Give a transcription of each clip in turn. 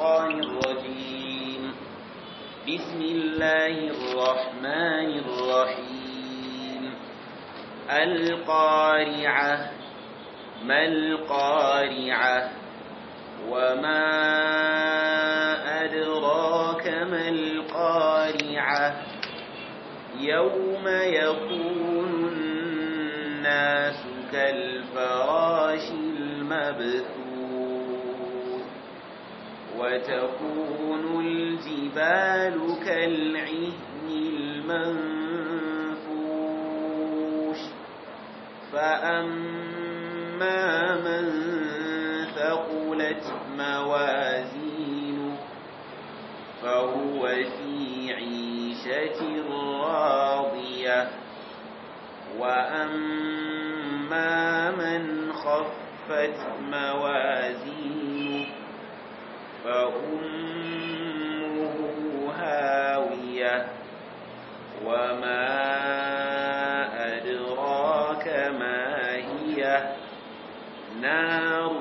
الشيطان الرجيم بسم الله الرحمن الرحيم القارعة ما القارعة وما أدراك ما القارعة يوم يكون الناس كالفراش المبثوث وتكون الجبال كالعهن المنفوش فأما من ثقلت موازينه فهو في عيشة راضية وأما من خفت موازينه فأمه هاوية وما أدراك ما هي نار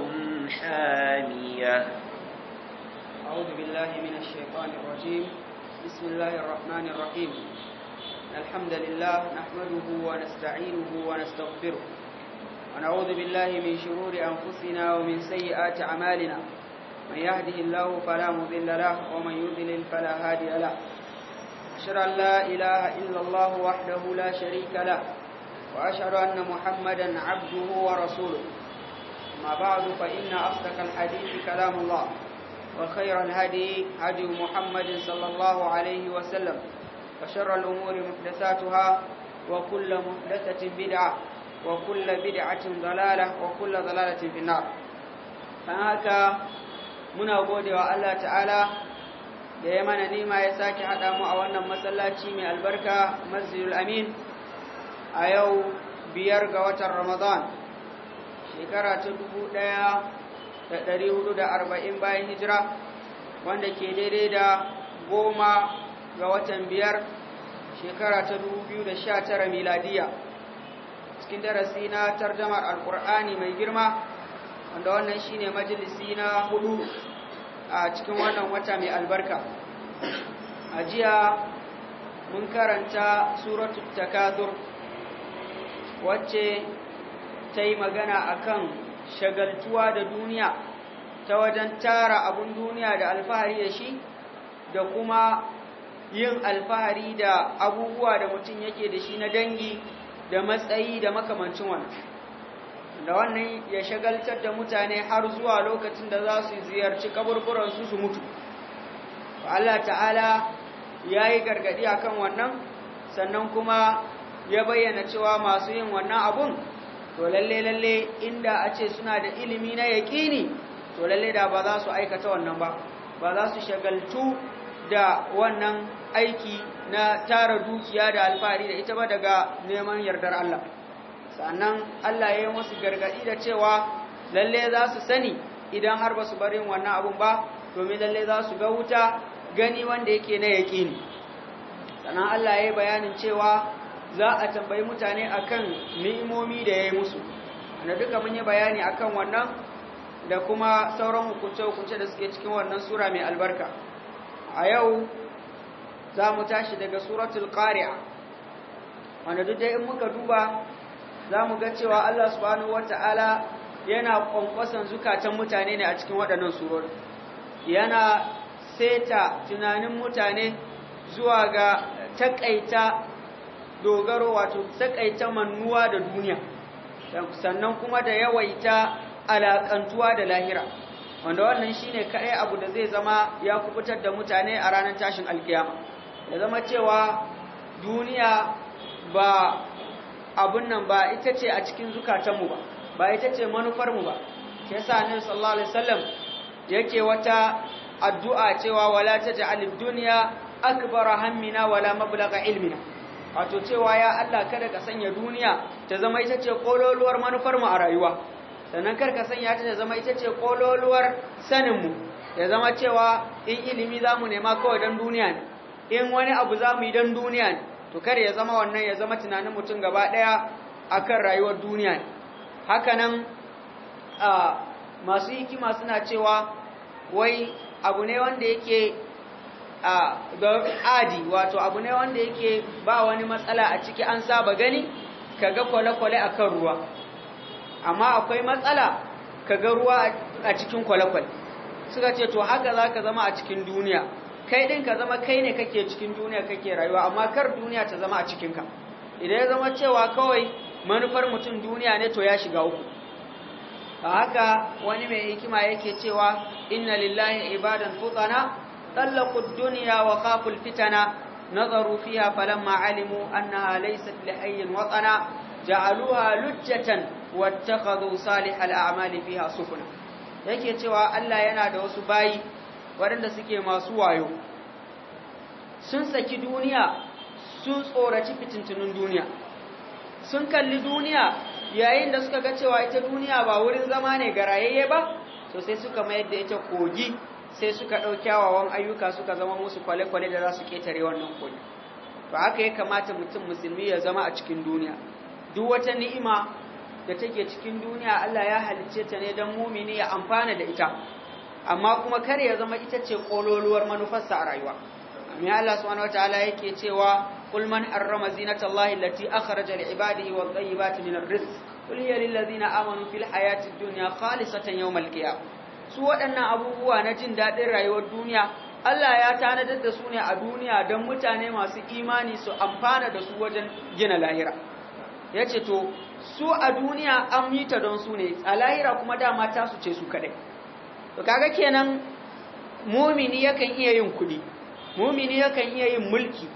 حامية أعوذ بالله من الشيطان الرجيم بسم الله الرحمن الرحيم الحمد لله نحمده ونستعينه ونستغفره ونعوذ بالله من شرور أنفسنا ومن سيئات أعمالنا من يهده الله فلا مضل له ومن يضلل فلا هادي له أشهد أن لا إله إلا الله وحده لا شريك له وأشهد أن محمدا عبده ورسوله ما بعد فإن أصدق الحديث كلام الله وخير الهدي هدي محمد صلى الله عليه وسلم وشر الأمور محدثاتها وكل محدثة بدعة وكل بدعة ضلالة وكل ضلالة في النار فهذا muna gode wa Allah ta'ala da ya mana nima ya sake haɗa mu a wannan masallaci mai albarka masjidul amin a yau biyar ga watan ramadan shekara ta dubu ɗaya da ɗari hudu da arba'in bayan hijira wanda ke daidai da goma ga watan biyar shekara ta dubu biyu da sha tara miladiya cikin darasi na tarjamar alƙur'ani mai girma wanda wannan shi ne majalisi na hudu a cikin wannan wata mai albarka a jiya mun karanta suratul takathur wacce ta yi magana akan shagaltuwa da duniya ta wajen tara abun duniya da alfahari da shi da kuma yin alfahari da abubuwa da mutum yake da shi na dangi da matsayi da makamancin wannan da wannan ya shagaltar da mutane har zuwa lokacin da za su ziyarci kaburburansu su mutu Allah ta'ala ya yi gargadi a kan wannan sannan kuma ya bayyana cewa masu yin wannan abun to lalle lalle inda a ce suna da ilimi na yaƙini to lalle da ba za su aikata wannan ba ba za su shagaltu da wannan aiki na tara dukiya da alfahari da ita ba daga neman yardar Allah sannan Allah ya yi musu gargaɗi da cewa lalle za su sani idan har ba su barin wannan abun ba domin lalle za su ga wuta gani wanda yake na yaƙini sannan Allah ya yi bayanin cewa za a tambayi mutane akan ni'imomi da ya yi musu wanda duka mun yi bayani akan wannan da kuma sauran hukunce-hukunce da suke cikin wannan sura mai albarka a yau za mu tashi daga suratul qari'a wanda duk da in muka duba za mu ga cewa Allah subhanahu wata'ala yana ƙwanƙwasan zukatan mutane ne a cikin waɗannan surori yana seta tunanin mutane zuwa ga taƙaita dogaro wato taƙaita manuwa da duniya sannan kuma da yawaita alakantuwa da lahira wanda wannan shi ne kaɗai abu da zai zama ya kubutar da mutane a ranar tashin alkiyama ya zama cewa duniya ba abun nan ba ita ce a cikin zukatanmu ba ba ita ce manufarmu ba ke sa ne sallallahu alaihi wasallam yake wata addu'a cewa wala taj'al ad-dunya akbara hammina wala mablagha ilmina wato cewa ya Allah kada ka sanya duniya ta zama ita ce kololuwar manufarmu a rayuwa sannan kar ka sanya ta zama ita ce kololuwar saninmu ya zama cewa in ilimi zamu nema kawai dan duniya ne in wani abu zamu yi dan duniya ne to kare ya zama wannan ya zama tunanin mutum gaba daya akan rayuwar duniya ne hakanan masu hikima suna cewa wai abu ne wanda yake ga adi wato abu ne wanda yake ba wani matsala a ciki an saba gani ka ga kwale-kwale akan ruwa amma akwai matsala ka ga ruwa a cikin kwale-kwale suka ce to haka za ka zama a cikin duniya kai din ka zama kai ne kake cikin duniya kake rayuwa amma kar duniya ta zama a cikin ka idan ya zama cewa kawai manufar mutum duniya ne to ya shiga uku a haka wani mai hikima yake cewa inna lillahi ibadan futana tallaqud dunya wa khafu fitana nazaru fiha falamma alimu annaha laysat lihayyin watana ja'aluha lujjatan wattakhadhu salihal a'mali fiha sufuna yake cewa Allah yana da wasu bayi waɗanda suke masu wayo sun saki duniya sun tsoraci fitintunin duniya sun kalli duniya yayin da suka ga cewa ita duniya ba wurin zama ne ga rayayye ba to sai suka mayar da ita kogi sai suka ɗau kyawawan ayyuka suka zama musu kwale-kwale da za su ƙetare wannan kogi to haka ya kamata mutum musulmi ya zama a cikin duniya duk wata ni'ima da take cikin duniya Allah ya halicce ta ne don mumini ya amfana da ita amma kuma kar ya zama ita ce kololuwar manufarsa a rayuwa amma Allah subhanahu wataala yake cewa kul man arrama zinatallahi allati akhraja liibadihi wa tayyibati minar rizq kul hiya lil ladina amanu fil hayatid dunya khalisatan yawmal qiyam su waɗannan abubuwa na jin daɗin rayuwar duniya Allah ya tanadar da su ne a duniya don mutane masu imani su amfana da su wajen gina lahira yace to su a duniya an mita don su ne a lahira kuma dama ta su ce su kadai to kaga kenan mumini yakan iya yin kuɗi mumini yakan iya yin mulki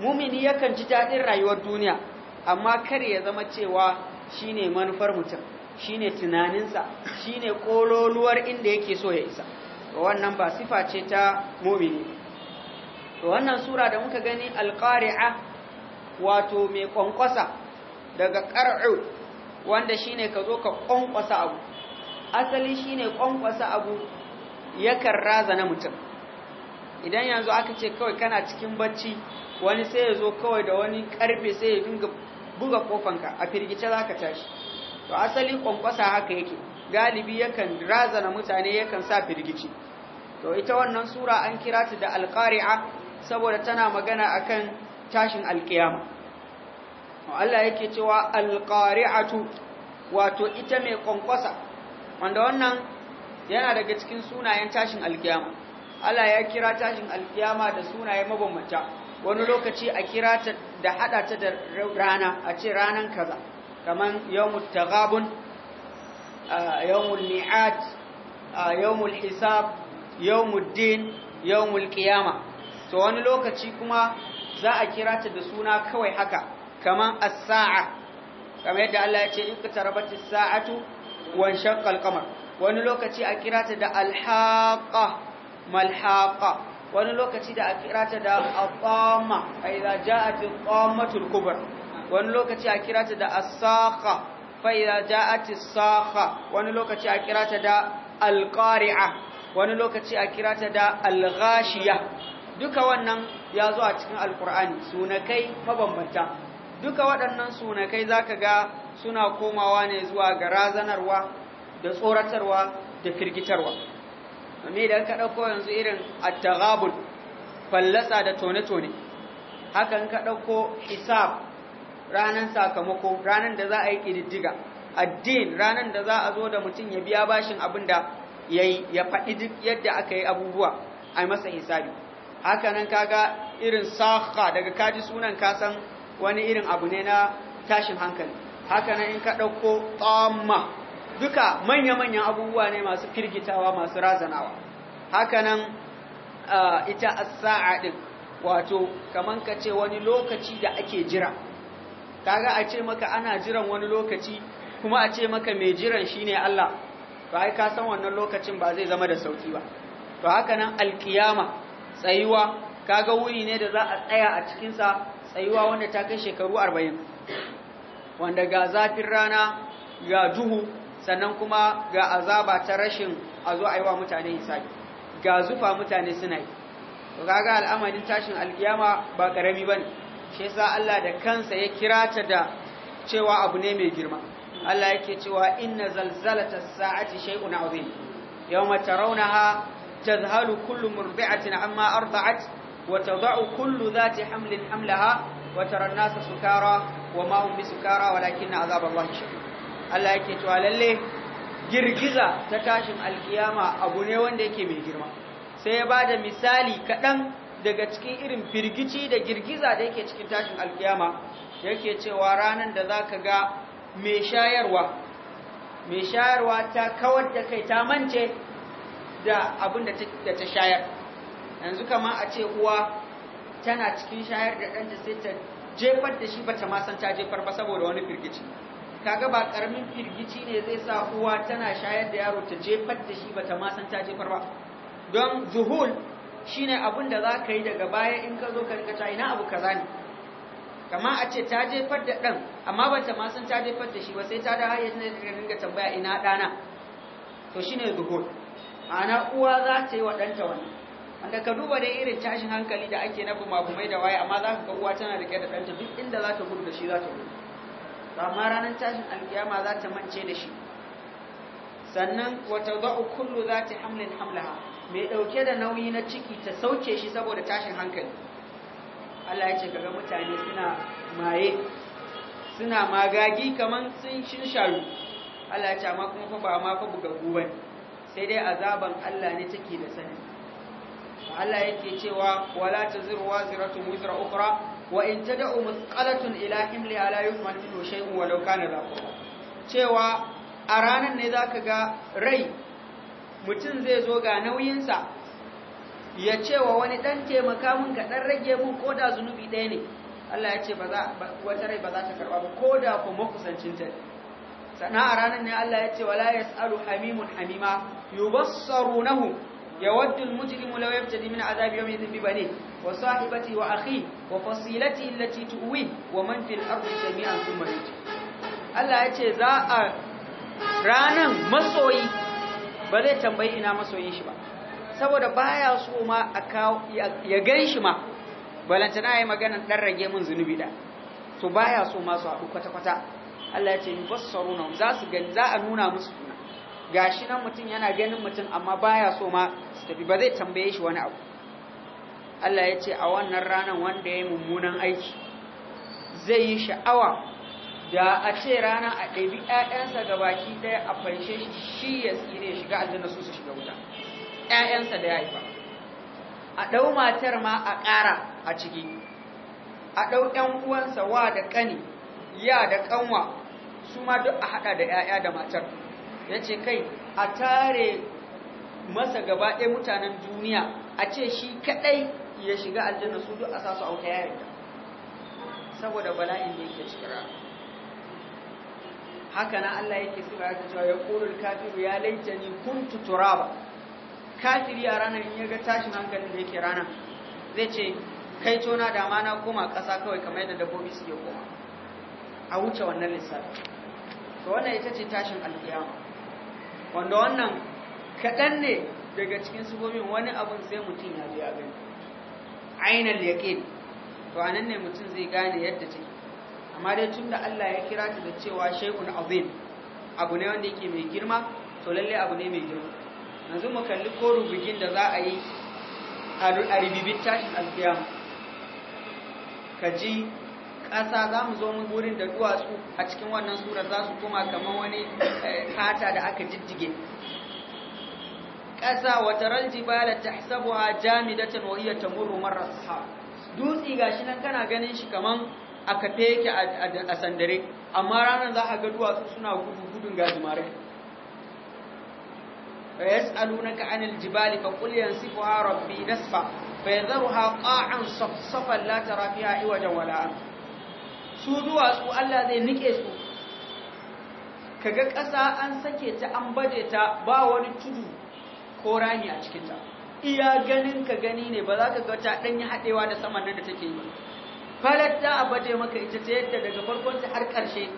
mumini yakan ji daɗin rayuwar duniya amma kar ya zama cewa shine manufar mutum shine tunaninsa shine kololuwar inda yake so ya isa wannan ba sifa ce ta mumini wannan sura da muka gani alqari'a wato mai kwankwasa daga qar'u wanda shine ka zo ka kwankwasa abu asali shine kwankwasa abu yakan raza na mutum idan yanzu aka ce kawai kana cikin bacci wani sai ya zo kawai da wani ƙarfe sai ya dinga buga kofanka a firgice za ka tashi to asali kwankwasa haka yake galibi yakan razana mutane yakan sa firgici to ita wannan sura an kira ta da alqari'a saboda tana magana akan tashin alkiyama Allah yake cewa alqari'atu wato ita mai kwankwasa wanda wannan yana daga cikin sunayen tashin alkiyama Allah ya kira tashin alkiyama da sunaye mabambanta wani lokaci a kira ta da hada ta da rana a ce ranan kaza kaman yawmut taghabun yawmul mi'at yawmul hisab yawmud din yawmul qiyama to wani lokaci kuma za a kira ta da suna kawai haka kaman as-sa'a kamar yadda Allah ya ce iqtarabatis sa'atu wan shaqqal wani lokaci a kirata da alhaƙa malhaƙa wani lokaci da a kirata da aqama fa a ti alqamatul kubra wani lokaci a kirata da asaqa fa a ti saƙa wani lokaci a kirata da alqari'a wani lokaci a kirata da alghashiya duka wannan ya zo a cikin alkur'ani sunakai mabambanta duka waɗannan sunakai ka ga suna komawa ne zuwa ga razanarwa da tsoratarwa da firgitarwa amma da ka ɗauko yanzu irin at fallasa da tone-tone hakan ka ɗauko hisab ranar sakamako ranar da za a yi ƙididdiga addin ranar da za a zo da mutum ya biya bashin abin da ya yi ya faɗi duk yadda aka yi abubuwa a masa hisabi hakanan ka kaga irin saha daga kaji sunan kasan wani irin abu ne na tashin hankali Hakanan in ka ɗauko tsamma duka manya-manyan abubuwa ne masu firgitawa masu razanawa Hakanan nan ita sa'a ɗin wato kaman ka ce wani lokaci da ake jira kaga a ce maka ana jiran wani lokaci kuma a ce maka mai jiran shi ne Allah to ai ka san wannan lokacin ba zai zama da sauki ba to hakanan nan alkiyama tsayuwa kaga wuri ne da za a tsaya a cikinsa tsayuwa wanda ta kai shekaru 40 wanda ga zafin rana ga duhu sannan kuma ga azaba ta rashin azo zo a yi wa mutane hisabi ga zufa mutane suna yi to kaga al'amarin tashin alkiyama ba karami bane shi yasa Allah da kansa ya kira ta da cewa abu ne mai girma Allah yake cewa inna zalzalata sa'ati shay'un azim yawma tarawnaha tadhhalu kullu murdi'atin amma arda'at وتضع كل ذات حمل حملها وترى الناس سكارى وما هم بسكارى ولكن عذاب الله شديد Allah yake cewa lalle girgiza ta tashin alkiyama abu ne wanda yake mai girma sai ya bada misali kadan daga cikin irin firgici da girgiza da yake cikin tashin alkiyama yake cewa ranan da zaka ga mai shayarwa mai shayarwa ta kawar da kai ta mance da abin da ta shayar yanzu kama a ce uwa tana cikin shayar da ɗanta sai ta jefar da shi ba ta masan ta jefar ba saboda wani firgici kaga ba karamin firgici ne zai sa uwa tana shayar da yaro ta jefar da shi ba ta masan ta jefar ba don zuhul shine abin da za ka yi daga baya in ka zo ka rika ta ina abu kaza ne kama a ce ta jefar da ɗan amma ba ta masan ta jefar da shi ba sai ta da hayyacin da ringa tambaya ina ɗana to shine zuhul ma'ana uwa za ta yi wa ɗanta wannan wanda ka duba da irin tashin hankali da ake na bumabumai da waya amma za ka ga uwa tana rike da ɗanta duk inda za ta gudu da shi za ta gudu ma ranar tashin alkiyama za ta mance da shi sannan wata za'u kullu za ta hamlin hamlaha mai ɗauke da nauyi na ciki ta sauke shi saboda tashin hankali Allah ya ce kaga mutane suna maye suna magagi kaman sun shin sharu Allah ya ce amma kuma fa ba ma fa bugaggu bane sai dai azaban Allah ne take da sanin. Allah yake cewa wala taziru waziratun wizra ukhra wa in tad'u musqalatun ila himli ala yuhmal minhu shay'in wa kana la cewa a ranan ne zaka ga rai mutum zai zo ga nauyinsa ya cewa wani dan taimaka mun ka dan rage mun koda zunubi ɗaya ne Allah ya ce ba za wata rai ba za ta karba ba koda ko makusancin ta sana a ranan ne Allah ya ce wala yasalu hamimun hamima yubassarunahu يود المجرم لو يفتدي من عذاب يوم yawmin idhin bi وأخي وفصيلتي التي wa ومن wa الأرض جميعا ثم wa man fil ardi Allah yace za a ranan masoyi ba zai tambayi ina masoyin shi ba saboda baya so ma a kawo ya gan shi ma balantana yi magana dan rage mun zunubi da to baya so ma haɗu kwata kwata Allah za a nuna musu gashi nan mutum yana ganin mutum amma baya so ma su tafi ba zai tambaye shi wani abu Allah ya ce a wannan ranar wanda ya yi mummunan aiki zai yi sha'awa da a ce rana a ɗabi ‘ya'yansa ga baki ɗaya a fanshe shi ya tsire shiga aljanna su su shiga wuta ‘ya'yansa da ya haifa a ɗau matar ma a ƙara a ciki a ɗau ‘yan uwansa wa da ƙani ya da ƙanwa su ma duk a haɗa da ‘ya'ya da matar ya ce kai a tare masa gaba ɗaya mutanen duniya a ce shi kaɗai ya shiga aljanna su duk a sa su auta yayin da saboda bala'in da yake cikin rana haka na Allah yake sifa ya cewa ya kuru kafiru ya ni kuntu turaba kafiri a ranar in ya ga tashin hankalin da yake rana zai ce kai tona da ma na koma ƙasa kawai kamar yadda dabbobi suke koma a wuce wannan lissafi to wannan ita ce tashin alkiyama wanda wannan kaɗan ne daga cikin sifofin wani abin sai mutum ya biya gani ainihin yaƙin to a nan ne mutum zai gane yadda ciki amma dai tun da Allah ya kira ta da cewa shaikun abin abu ne wanda yake mai girma to lalle abu ne mai girma yanzu mu kalli ko rubugin da za a yi a ribibin tashin alkiyama ka ji ƙasa za mu zo mu wurin da duwatsu a cikin wannan sura za su koma kamar wani eh, fata da aka jijjige ƙasa wata da ta sabuwa jamidatan wa iya ta marar sahab dutse ga shi nan kana ganin shi kamar a kafe yake a sandare amma ranar za a ga duwatsu suna gudu gudun gajimare fa na anil jibali fa qul yansifuha rabbi nasfa fa yadharuha qa'an safsafan la tara fiha wala su zuwa su Allah zai nike su kaga ƙasa an sake ta an bade ta ba wani tudu ko rani a cikinta iya ganin ka gani ne ba za ka ga ta ɗanyi haɗewa da saman nan da take yi falar ta a bade maka ita ta yadda daga farkon ta har ƙarshe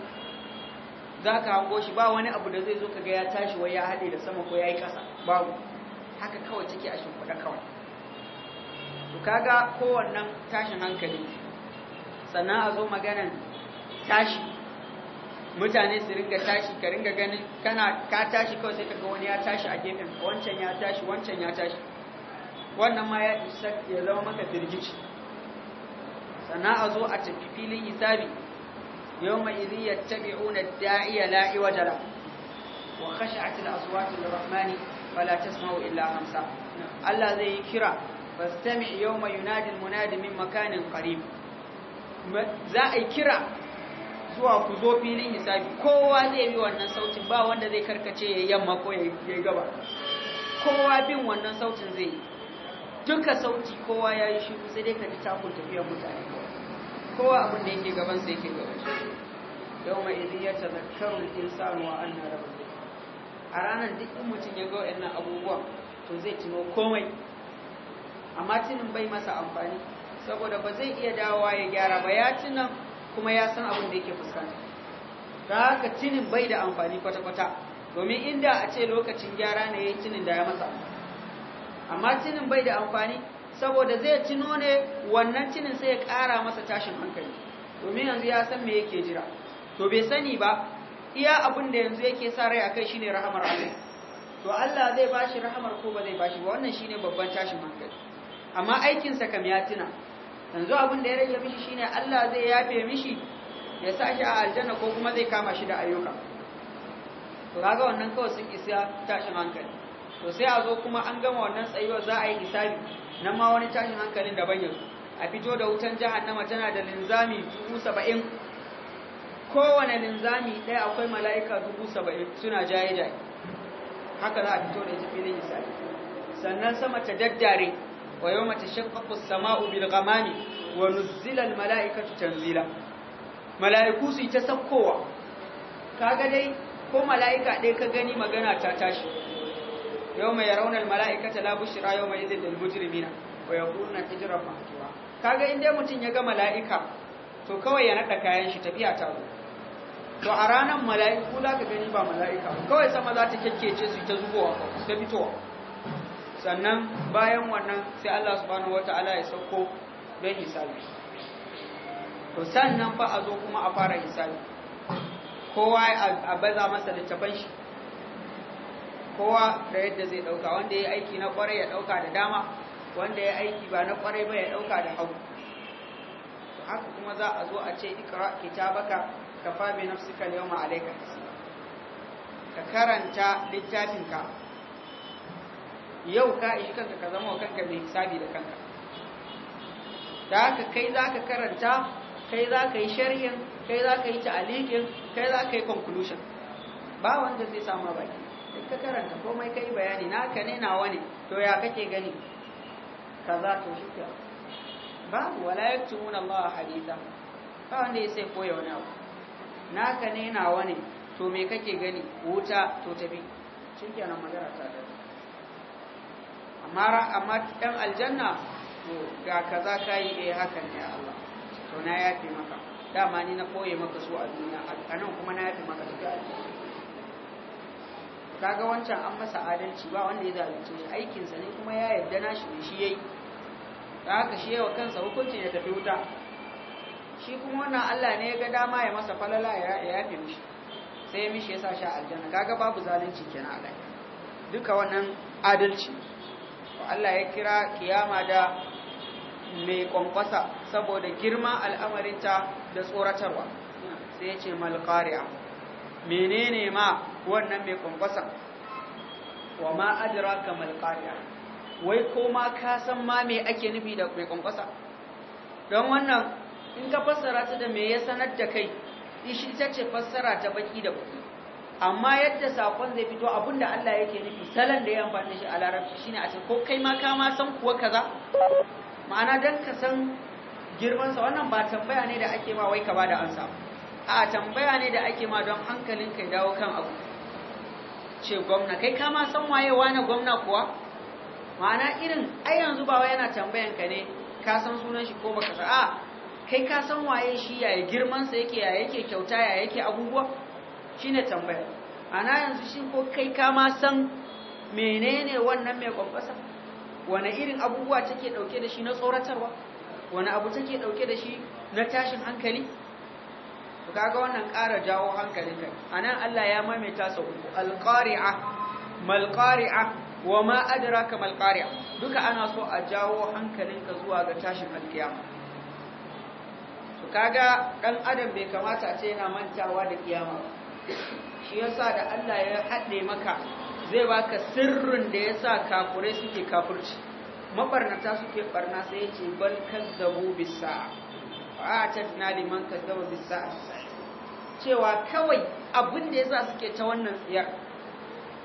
za ka hango shi ba wani abu da zai zo kaga ya tashi wai ya haɗe da sama ko ya yi ƙasa babu haka kawai take a shimfiɗa kawai to kaga kowannan tashin hankali sannan a zo maganan tashi mutane su ringa tashi ka ringa ganin kana ka tashi kawai sai kaga wani ya tashi a gefen wancan ya tashi wancan ya tashi wannan ma ya isa ya zama maka firgici sannan a zo a tafi filin hisabi yau mai idin ya tabi una da'iya la'i wajala wa khashi'at al-aswat ar-rahman fala tasma'u illa hamsa Allah zai yi kira ba fastami yawma yunadi al-munadi min makanin qarib za a yi kira zuwa ku zo filin hisabi kowa zai bi wannan sautin ba wanda zai karkace ya yamma ko ya gaba kowa bin wannan sautin zai yi duka sauti kowa ya yi shi sai dai ka ji takun tafiyar mutane kowa abin da yake gaban sai yake gaban shi yau mai izin ya tazakkaru insanu wa anna rabbuh a ranar duk in mutum ya ga wayannan abubuwan to zai tuno komai amma tunin bai masa amfani saboda ba zai iya dawowa ya gyara ba ya tuna kuma ya san abin da yake fuskanta ta haka cinin bai da amfani kwata-kwata domin inda a ce lokacin gyara ne ya yi cinin da ya masa amma cinin bai da amfani saboda zai cino ne wannan cinin sai ya ƙara masa tashin hankali domin yanzu ya san me yake jira to bai sani ba iya abin da yanzu yake sa rai a kai shine rahamar Allah to Allah zai bashi rahamar ko ba zai bashi ba wannan shine babban tashin hankali amma aikinsa kam ya tuna yanzu abin da ya rage mishi shine Allah zai yafe mishi ya sa shi a aljanna ko kuma zai kama shi da ayyuka to kaga wannan kawai sun isa tashin hankali to sai a zo kuma an gama wannan tsayuwar za a yi hisabi nan ma wani tashin hankalin daban yanzu a fito da wutan jahannama tana da linzami dubu saba'in kowane linzami ɗaya akwai mala'ika dubu saba'in suna jaye-jaye haka za a fito da ita filin hisabi sannan sama ta daddare wa yawma tashaqqaqu as-sama'u bil ghamami wa nuzzila al mala'ikatu tanzila mala'iku su ta sakkowa kaga dai ko mala'ika dai ka gani magana ta tashi yawma yarawna al mala'ikata la bushra yawma idhil lil mujrimina wa yaquluna hijran mahjura kaga in dai mutun ya ga mala'ika to kawai ya nada kayan shi tafiya ta zo to a ranar mala'iku za ka gani ba mala'ika kawai sama za ta kyakkece su ta zubowa ta fitowa sannan bayan wannan sai Allah subhanahu wataala ya sauko don hisabi to sannan fa a zo kuma a fara hisabi kowa a baza masa littafan shi kowa da yadda zai dauka wanda ya aiki na kwarai ya dauka da dama wanda ya aiki ba na kwarai ba ya dauka da hagu haka kuma za a zo a ce ikra kitabaka kafa bi nafsika al-yawma alayka ka karanta littafinka yau ka ishi kanka ka zama wa kanka mai hisabi da kanka da haka kai za ka karanta kai za ka yi sharhin kai za ka yi ta'alikin kai za ka yi conclusion ba wanda zai samu baki Duk ka karanta komai kai bayani naka ne nawa ne to ya kake gani kaza to shi ka babu wala yaktumuna Allah haditha ba wanda ya sai koya wani abu naka ne nawa ne to me kake gani wuta to tafi shikenan magana ta amma ɗan aljanna to ga kaza ka yi haka eh, hakan ya Allah to na yafe maka dama ni na koye maka su a duniya a nan kuma na yafe maka su Ka ga wancan an masa adalci ba wanda ya zalunce shi aikinsa ne kuma ya yarda na shi shi yayi da haka shi yawa kansa hukuncin ya tafi wuta shi kuma wannan Allah ne ya ga dama ya masa falala ya yafe mishi sai mishi ya sa shi aljanna kaga babu zalunci kenan a duka wannan adalci Allah ya kira kiyama da mai kwankwasa saboda girma al'amarinta da tsoratarwa sai ya ce malkariya. menene ma wannan mai kwankwasa wa ma ajira ka malkariya? wai ko ma ka san ma me ake nufi da mai kwankwasa don wannan in ka fassara ta da me ya sanar da kai ishi ta ce fassara ta baki da baki amma yadda sakon zai fito abinda Allah yake nufi salon da ya amfani shi a larabci shine a ce ko kai ma ka ma san kuwa kaza ma'ana dan ka san girman sa wannan ba tambaya ne da ake ma wai ka ba da ansa a tambaya ne da ake ma don hankalin kai dawo kan abu ce gwamna kai ka ma san waye na gwamna kuwa ma'ana irin ai yanzu ba wai yana tambayan ka ne ka san sunan shi ko baka san a kai ka san waye shi yaya girman sa yake yaya yake kyauta yaya yake abubuwa shine tambaya ana yanzu shi ko kai ka ma san menene wannan mai kwamfasa wani irin abubuwa take dauke da shi na tsoratarwa wani abu take dauke da shi na tashin hankali to kaga wannan ƙara jawo hankalinka anan Allah ya maimaita sau uku alqari'a malqari'a wa ma adraka malqari'a duka ana so a jawo hankalinka zuwa ga tashin alkiyama to kaga dan adam bai kamata a ce yana mantawa da kiyama ba shi yasa da Allah ya haɗe maka zai baka sirrin da yasa kafurai suke kafurci mabarnata suke barna sai ya ce bal kazzabu bisa a tana liman kazzabu bisa cewa kawai abin da yasa suke ta wannan tsiyar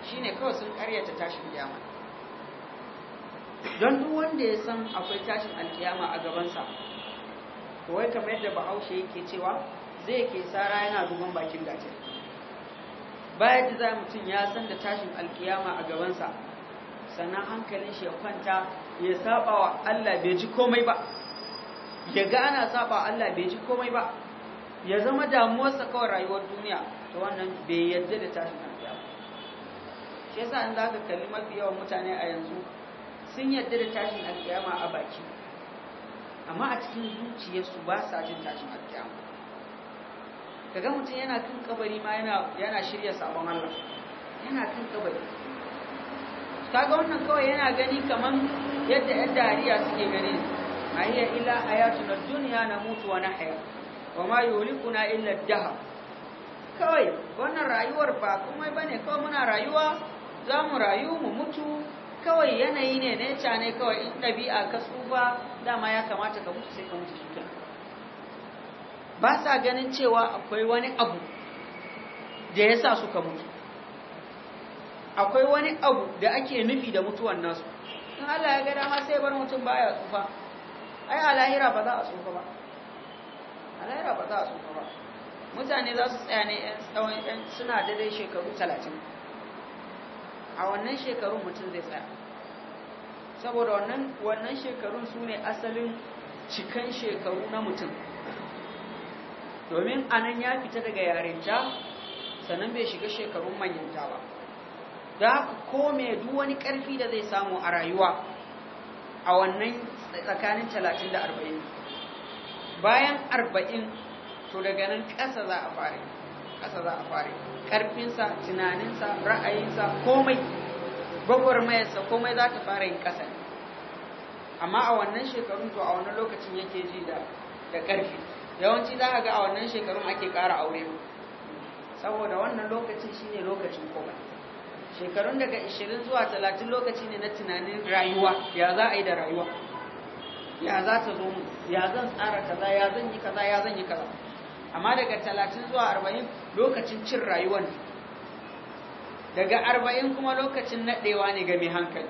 shine kawai sun karyata tashin kiyama don duk wanda ya san akwai tashin alkiyama a gabansa kawai wai kamar yadda bahaushe yake cewa zai ke sara yana duban bakin gajiyar bayan da za mutum ya san da tashin alkiyama a gabansa sannan hankalin shi ya kwanta ya saba wa Allah bai ji komai ba ya ga ana saba wa Allah bai ji komai ba ya zama damuwarsa kawai rayuwar duniya ta wannan bai yarda da tashin alkiyama shi yasa in za ka kalli mafi yawan mutane a yanzu sun yarda da tashin alkiyama a baki amma a cikin zuciyarsu ba sa jin tashin alkiyama kaga mutum yana kan kabari ma yana shirya sabon Allah yana kan kabari kaga wannan kawai yana gani kaman yadda ɗan dariya suke gani a hiya illa hayatuna dunya namutu wa nahya wa ma yuhlikuna illa ad-dahr kawai wannan rayuwar ba komai bane kawai muna rayuwa za mu rayu mu mutu kawai yanayi ne na ne kawai in ɗabi'a ka tsufa dama ya kamata ka mutu sai ka mutu shi ba sa ganin cewa akwai wani abu da ya sa suka mutu akwai wani abu da ake nufi da mutuwan nasu in Allah ya gada ma sai bar mutum ba ya tsufa ai a lahira ba za a tsufa ba a lahira ba za a tsufa ba mutane za su tsaya ne yan tsawon suna da dai shekaru talatin a wannan shekarun mutum zai tsaya saboda wannan shekarun su ne asalin cikan shekaru na mutum domin anan ya fita daga yarinta sannan bai shiga shekarun manyanta ba da haka ko mai duk wani karfi da zai samu a rayuwa a wannan tsakanin talatin da arba'in bayan arba'in to daga nan ƙasa za a fare ƙasa za a fare ƙarfinsa tunaninsa ra'ayinsa komai gwagwarmayarsa komai za ta fara yin ƙasa amma a wannan shekarun to a wannan lokacin yake ji da ƙarfi yawanci za a ga a wannan shekarun ake ƙara aure saboda wannan lokacin shine lokacin komai shekarun daga 20 zuwa 30 lokaci ne na tunanin rayuwa ya za a yi da rayuwa ya za ta zo mu ya zan tsara kaza ya zan yi kaza ya zan yi kaza amma daga 30 zuwa 40 lokacin cin rayuwa ne daga 40 kuma lokacin nadewa ne ga mai hankali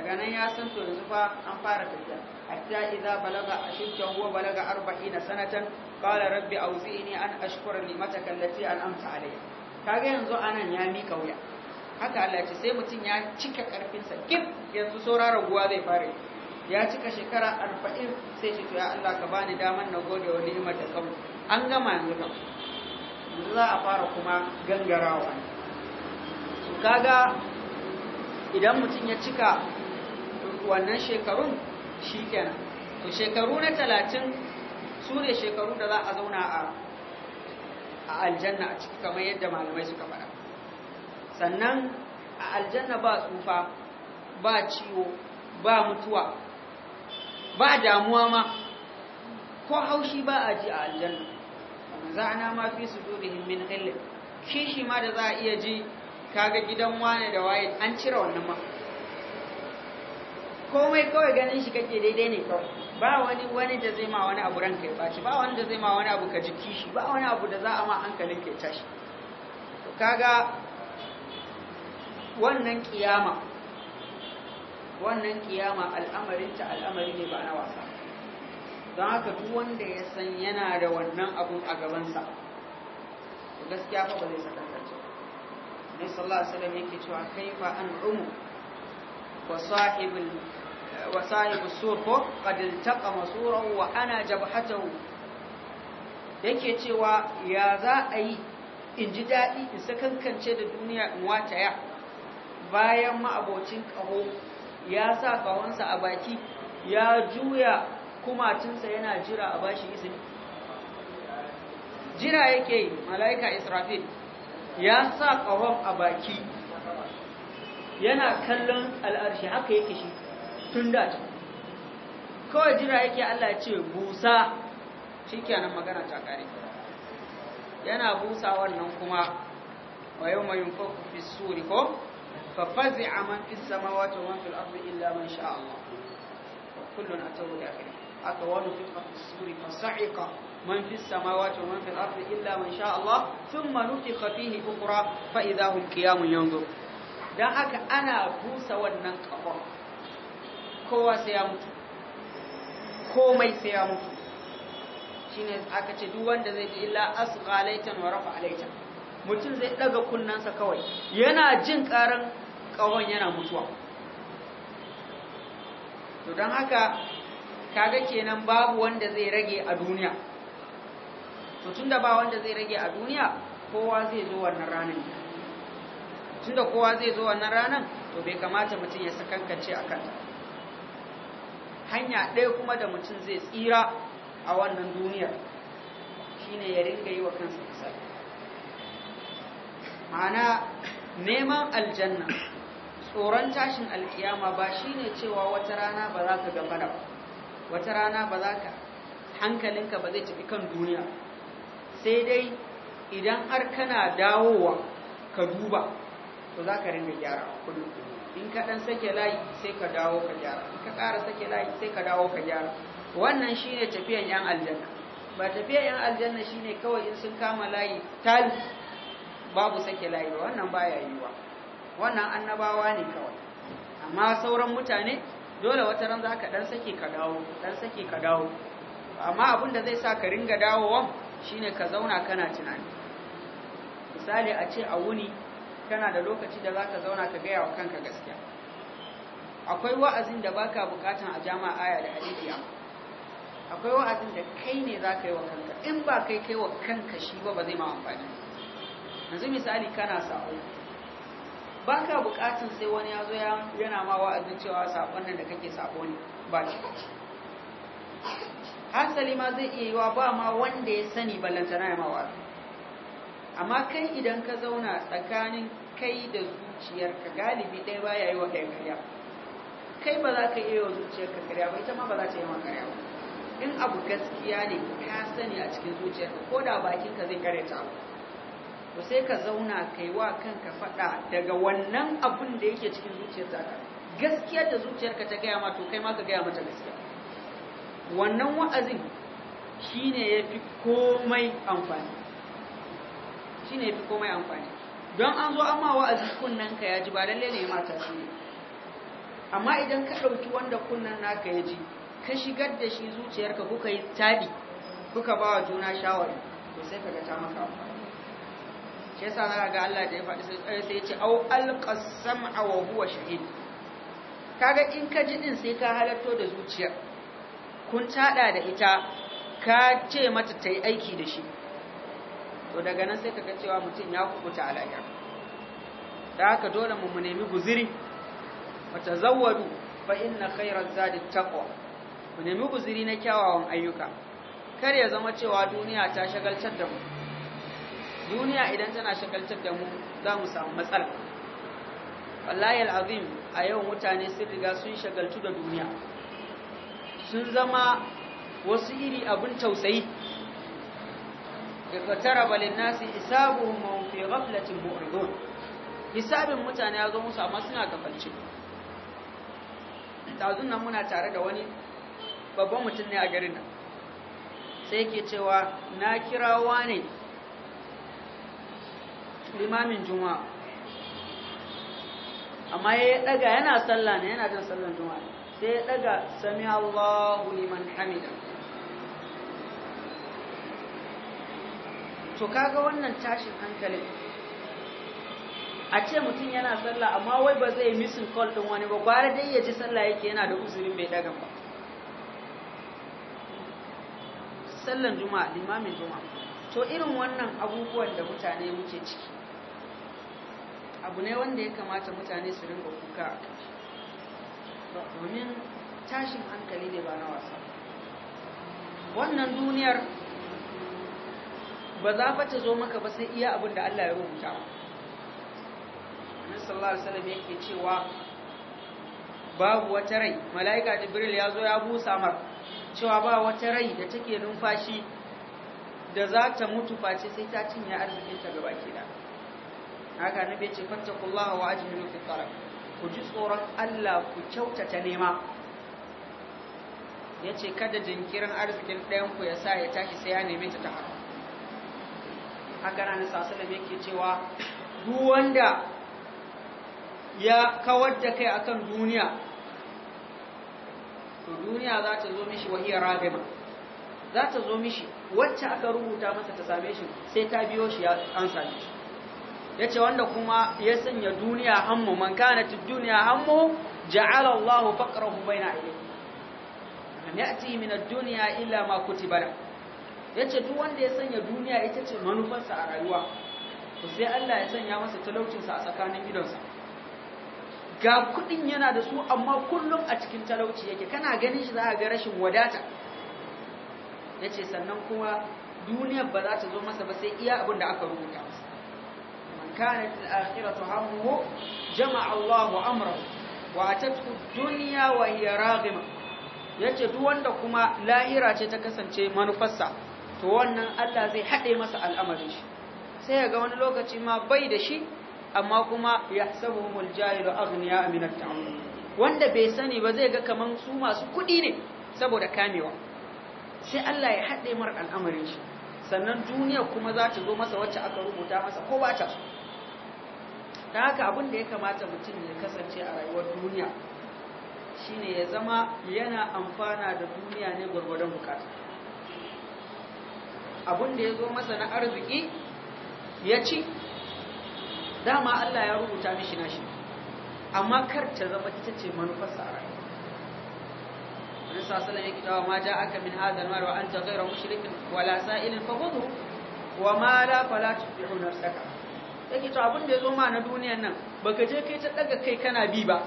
daga nan ya san to yanzu fa an fara tafiya hatta idza balaga ashiddahu huwa balaga 40 sanatan qala rabbi awzi'ni an ashkura ni'mataka allati an'amta alayya kaga yanzu anan ya mika wuya haka Allah ce sai mutum ya cika sa gif yanzu saura raguwa zai fare ya cika shekara 40 sai ce to ya Allah ka bani daman na gode wa ni'imar da an gama yanzu yanzu za a fara kuma gangarawa kaga idan mutum ya cika wannan shekarun shi kenan to shekaru na talatin su ne shekaru da za a zauna a aljanna a ciki kamar yadda malamai suka faɗa sannan a aljanna ba tsufa ba ciwo ba mutuwa ba damuwa ma ko haushi ba a ji a aljanna za a nama fi dole himmin hillin kishi ma da za a iya ji kaga gidan wane da waye an cire wannan ma komai kawai ganin shi kake daidai ne kawai ba wani wani da zai ma wani abu ranka ya baci ba wani da zai ma wani abu ka ji kishi ba wani abu da za a ma hankalin ka ya tashi kaga wannan kiyama wannan kiyama al'amarin ta al'amari ne ba na wasa don haka duk wanda ya san yana da wannan abun a gabansa to gaskiya fa ba zai sakantance ne sallallahu alaihi wasallam yake cewa kaifa an umu wa sahibul wa sahibu sur ko qad iltaqa masuran wa ana jabhatahu yake cewa ya za a yi in ji daɗi in kankance da duniya in wata ya? bayan ma'abocin ƙaho ya sa ƙawonsa a baki ya juya kumatinsa yana jira a bashi izini jira yake mala'ika israfil ya sa ƙawon a baki yana kallon al'arshi haka yake shi tun da kawai jira yake Allah ya ce busa shikenan magana ta kare yana busa wannan kuma wa yawma yunfaku fi suri ko fa a man fis samawati wa man fil ardi illa man sha Allah wa kullun atawu bi akhirih aka wa nufiqa fis suri fa sa'iqa man fis samawati wa man fil ardi illa man sha Allah thumma nufiqa fihi ukhra fa idha hum qiyamun yanzur dan haka ana busa wannan kafa kowa sai ya mutu komai sai ya mutu shine aka ce duk wanda zai ji illa asqalaitan wa alaitan. mutum zai daga kunnansa kawai yana jin karan kawon yana mutuwa to don haka kaga kenan babu wanda zai rage a duniya to tunda ba wanda zai rage a duniya kowa zai zo wannan ranar tunda kowa zai zo wannan ranar to bai kamata mutum ya sakankance a kanta hanya ɗaya kuma da mutum zai tsira a wannan duniyar shine ya ringa yi wa kansa kasar ma'ana neman aljanna tsoron tashin alkiyama ba shine cewa wata rana ba za ka gabana ba wata rana ba za ka hankalinka ba zai tafi kan duniya sai dai idan har kana dawowa ka duba to za ka ringa gyara kullum in ka ɗan sake layi sai ka dawo ka gyara in ka ƙara sake layi sai ka dawo ka gyara wannan shine tafiyan yan aljanna ba tafiyan yan aljanna shine kawai in sun kama layi tal babu sake layi ba wannan baya yiwa wannan annabawa ne kawai amma sauran mutane dole wata ran za ka ɗan sake ka dawo ɗan sake ka dawo amma abin da zai sa ka ringa dawowa shine ka zauna kana tunani misali a ce a wuni kana da lokaci da zaka zauna ka gaya wa kanka gaskiya akwai wa'azin da baka bukatan a jama'a aya da hadisi akwai wa'azin da kai ne zaka yi wa kanka in ba kai kai wa kanka shi ba ba zai ma amfani yanzu misali kana sa'o baka bukatan sai wani yazo yana ma wa'azin cewa sabon nan da kake sabo ne ba shi hasali ma zai iya yiwa ba ma wanda ya sani ballantana ya ma amma kai idan ka zauna tsakanin kai da zuciyarka galibi ɗaya ba ya yi wa kai karya kai ba za ka iya wa zuciyarka karya ba ita ma ba za ta yi wa karya ba in abu gaskiya ne ka sani a cikin zuciyarka ko da ka zai kare abu to sai ka zauna kai wa kanka faɗa daga wannan abun da yake cikin zuciyarka Gaskiya da zuciyarka ta gaya ma to kai ma ka gaya mata gaskiya wannan wa'azin shine yafi komai amfani shine yafi komai amfani don an zo amma wa'azi kunnan ka yaji, ba lalle ne ma ne amma idan ka ɗauki wanda kunnan naka ya ji ka shigar da shi zuciyarka kuka yi tabi kuka ba wa juna shawari to sai ka ga ta maka shi yasa za ga Allah da ya faɗi sai eh, ya ce au alqasam wa huwa shahid kaga in ka ji din sai ka halatto da zuciya kun tada da ita ka ce mata ta yi aiki da shi to daga nan sai kaga cewa mutum ya kubuta alaiya da haka dole mu nemi guziri wata zawadu fa inna khayra zadi taqwa mu nemi guziri na kyawawan ayyuka kar ya zama cewa duniya ta shagaltar da mu duniya idan tana shagaltar da mu za mu samu matsala wallahi al'azim a yau mutane sun riga sun shagaltu da duniya sun zama wasu iri abin tausayi iqtaraba lin-nasi hisabuhum wa fi ghaflatin mu'ridun hisabin mutane ya zo musu amma suna gafalce tazun nan muna tare da wani babban mutum ne a garin nan sai yake cewa na kirawa ne limamin juma'a amma ya daga yana sallah ne yana jin sallan juma'a sai ya daga sami Allahu liman hamida to kaga wannan tashin hankalin a ce mutum yana sallah amma wai ba zai misin call din wani ba gwara dai ya ji sallah yake yana da uzurin bai daga ba sallan juma'a limamin juma'a to irin wannan abubuwan da mutane muke ciki abu ne wanda ya kamata mutane su rinka kuka a kai domin tashin hankali ne ba na wasa wannan duniyar ba za fa ta zo maka ba sai iya abin da Allah ya rubuta Annabi sallallahu alaihi wasallam yake cewa babu wata rai mala'ika Jibril ya zo ya busa mar cewa ba wata rai da take numfashi da za ta mutu face sai ta cinye arzikinta gaba da. haka nabi bai ce fattakullaha wa ajmilu fi talab ku ji tsoron Allah ku kyautata nema yace kada jinkirin arzikin ɗayan ku ya sa ya tashi sai ya neme ta ta haka na sasalam yake cewa duk wanda ya kawar da kai akan duniya to duniya za ta zo mishi wahiyar ragama za ta zo mishi wacce aka rubuta masa ta same shi sai ta biyo shi an same shi ya ce wanda kuma ya sanya duniya hammu man tu duniya hammu ja'ala Allah faqrahu bayna ilayhi lam ya'ti min ad-dunya illa ma kutiba lahu Yace ce duk wanda ya sanya duniya ita ce manufarsa a rayuwa to sai Allah ya sanya masa talaucinsa a tsakanin gidansa. ga kudin yana da su amma kullum a cikin talauci yake kana ganin shi za a ga rashin wadata ya ce sannan kuma duniyar ba za ta zo masa ba sai iya abinda aka rubuta masa man kana fil akhiratu hammuhu jama'a Allahu amrahu wa atatku dunya wa hiya raghima yace duk wanda kuma lahira ce ta kasance manufarsa to wannan Allah zai haɗe masa al'amarin shi sai ga wani lokaci ma bai da shi amma kuma yahsabuhumul jahilu aghniya min at-ta'ammum wanda bai sani ba zai ga kamar su masu kuɗi ne saboda kamewa sai Allah ya haɗe mar al'amarin shi sannan duniya kuma za ta zo masa wacce aka rubuta masa ko ba ta so ta haka abin da ya kamata mutum ya kasance a rayuwar duniya shine ya zama yana amfana da duniya ne gwargwadon bukata abin da ya zo masa na arziki ya ci dama Allah ya rubuta mishi nashi amma kar ta zama ita ce manufarsa a rayuwa wani sasalan ya kitawa ma ja aka min hada mar wa anta ghayra mushrikin wala sa'ilin fa khudhu wa ma la fala tubihu saka. ya kitawa abin da ya zo ma na duniyan nan baka je kai ta daga kai kana bi ba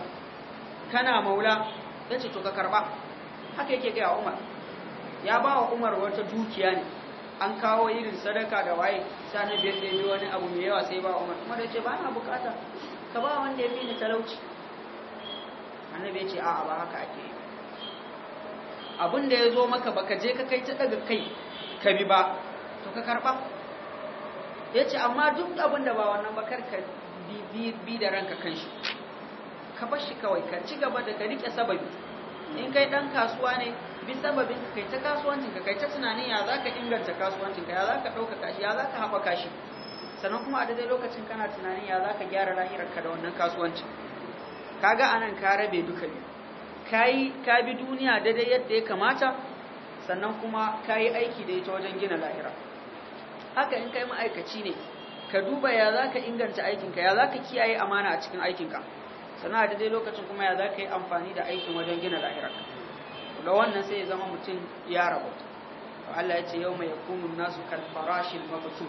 kana maula ce to ka karba haka yake gaya Umar ya ba wa Umar wata dukiya ne an kawo irin sadaka da waye Sani da ya yi wani abu mai yawa sai ba Umar kuma ya ce ba na bukata ka ba wanda ya fi ni talauci annabi ya ce a'a ba haka ake yi abin da ya zo maka baka je ka kai ta daga kai ka bi ba to ka karba ya ce amma duk abin da ba wannan bakar ka bi da ranka kan shi, ka bar shi kawai ka ci gaba da ka rike sababi in kai dan kasuwa ne Bin sababin ka kai ta kasuwancin ka kai ta tunanin ya za ka inganta kasuwancin ka ya za ka kashi ya zaka ka kashi sannan kuma a daidai lokacin kana tunanin ya za ka gyara lahirarka da wannan kasuwancin kaga anan ka rabe duka biyu kai ka bi duniya daidai yadda ya kamata sannan kuma kai aiki da ita wajen gina lahira haka in kai ma'aikaci ne ka duba ya za ka inganta aikinka ya za ka kiyaye amana a cikin aikinka sannan a daidai lokacin kuma ya za ka yi amfani da aikin wajen gina lahirarka ga wannan sai ya zama mutum ya To Allah ya ce yau mai yakumun nasu kalfarashin mabutu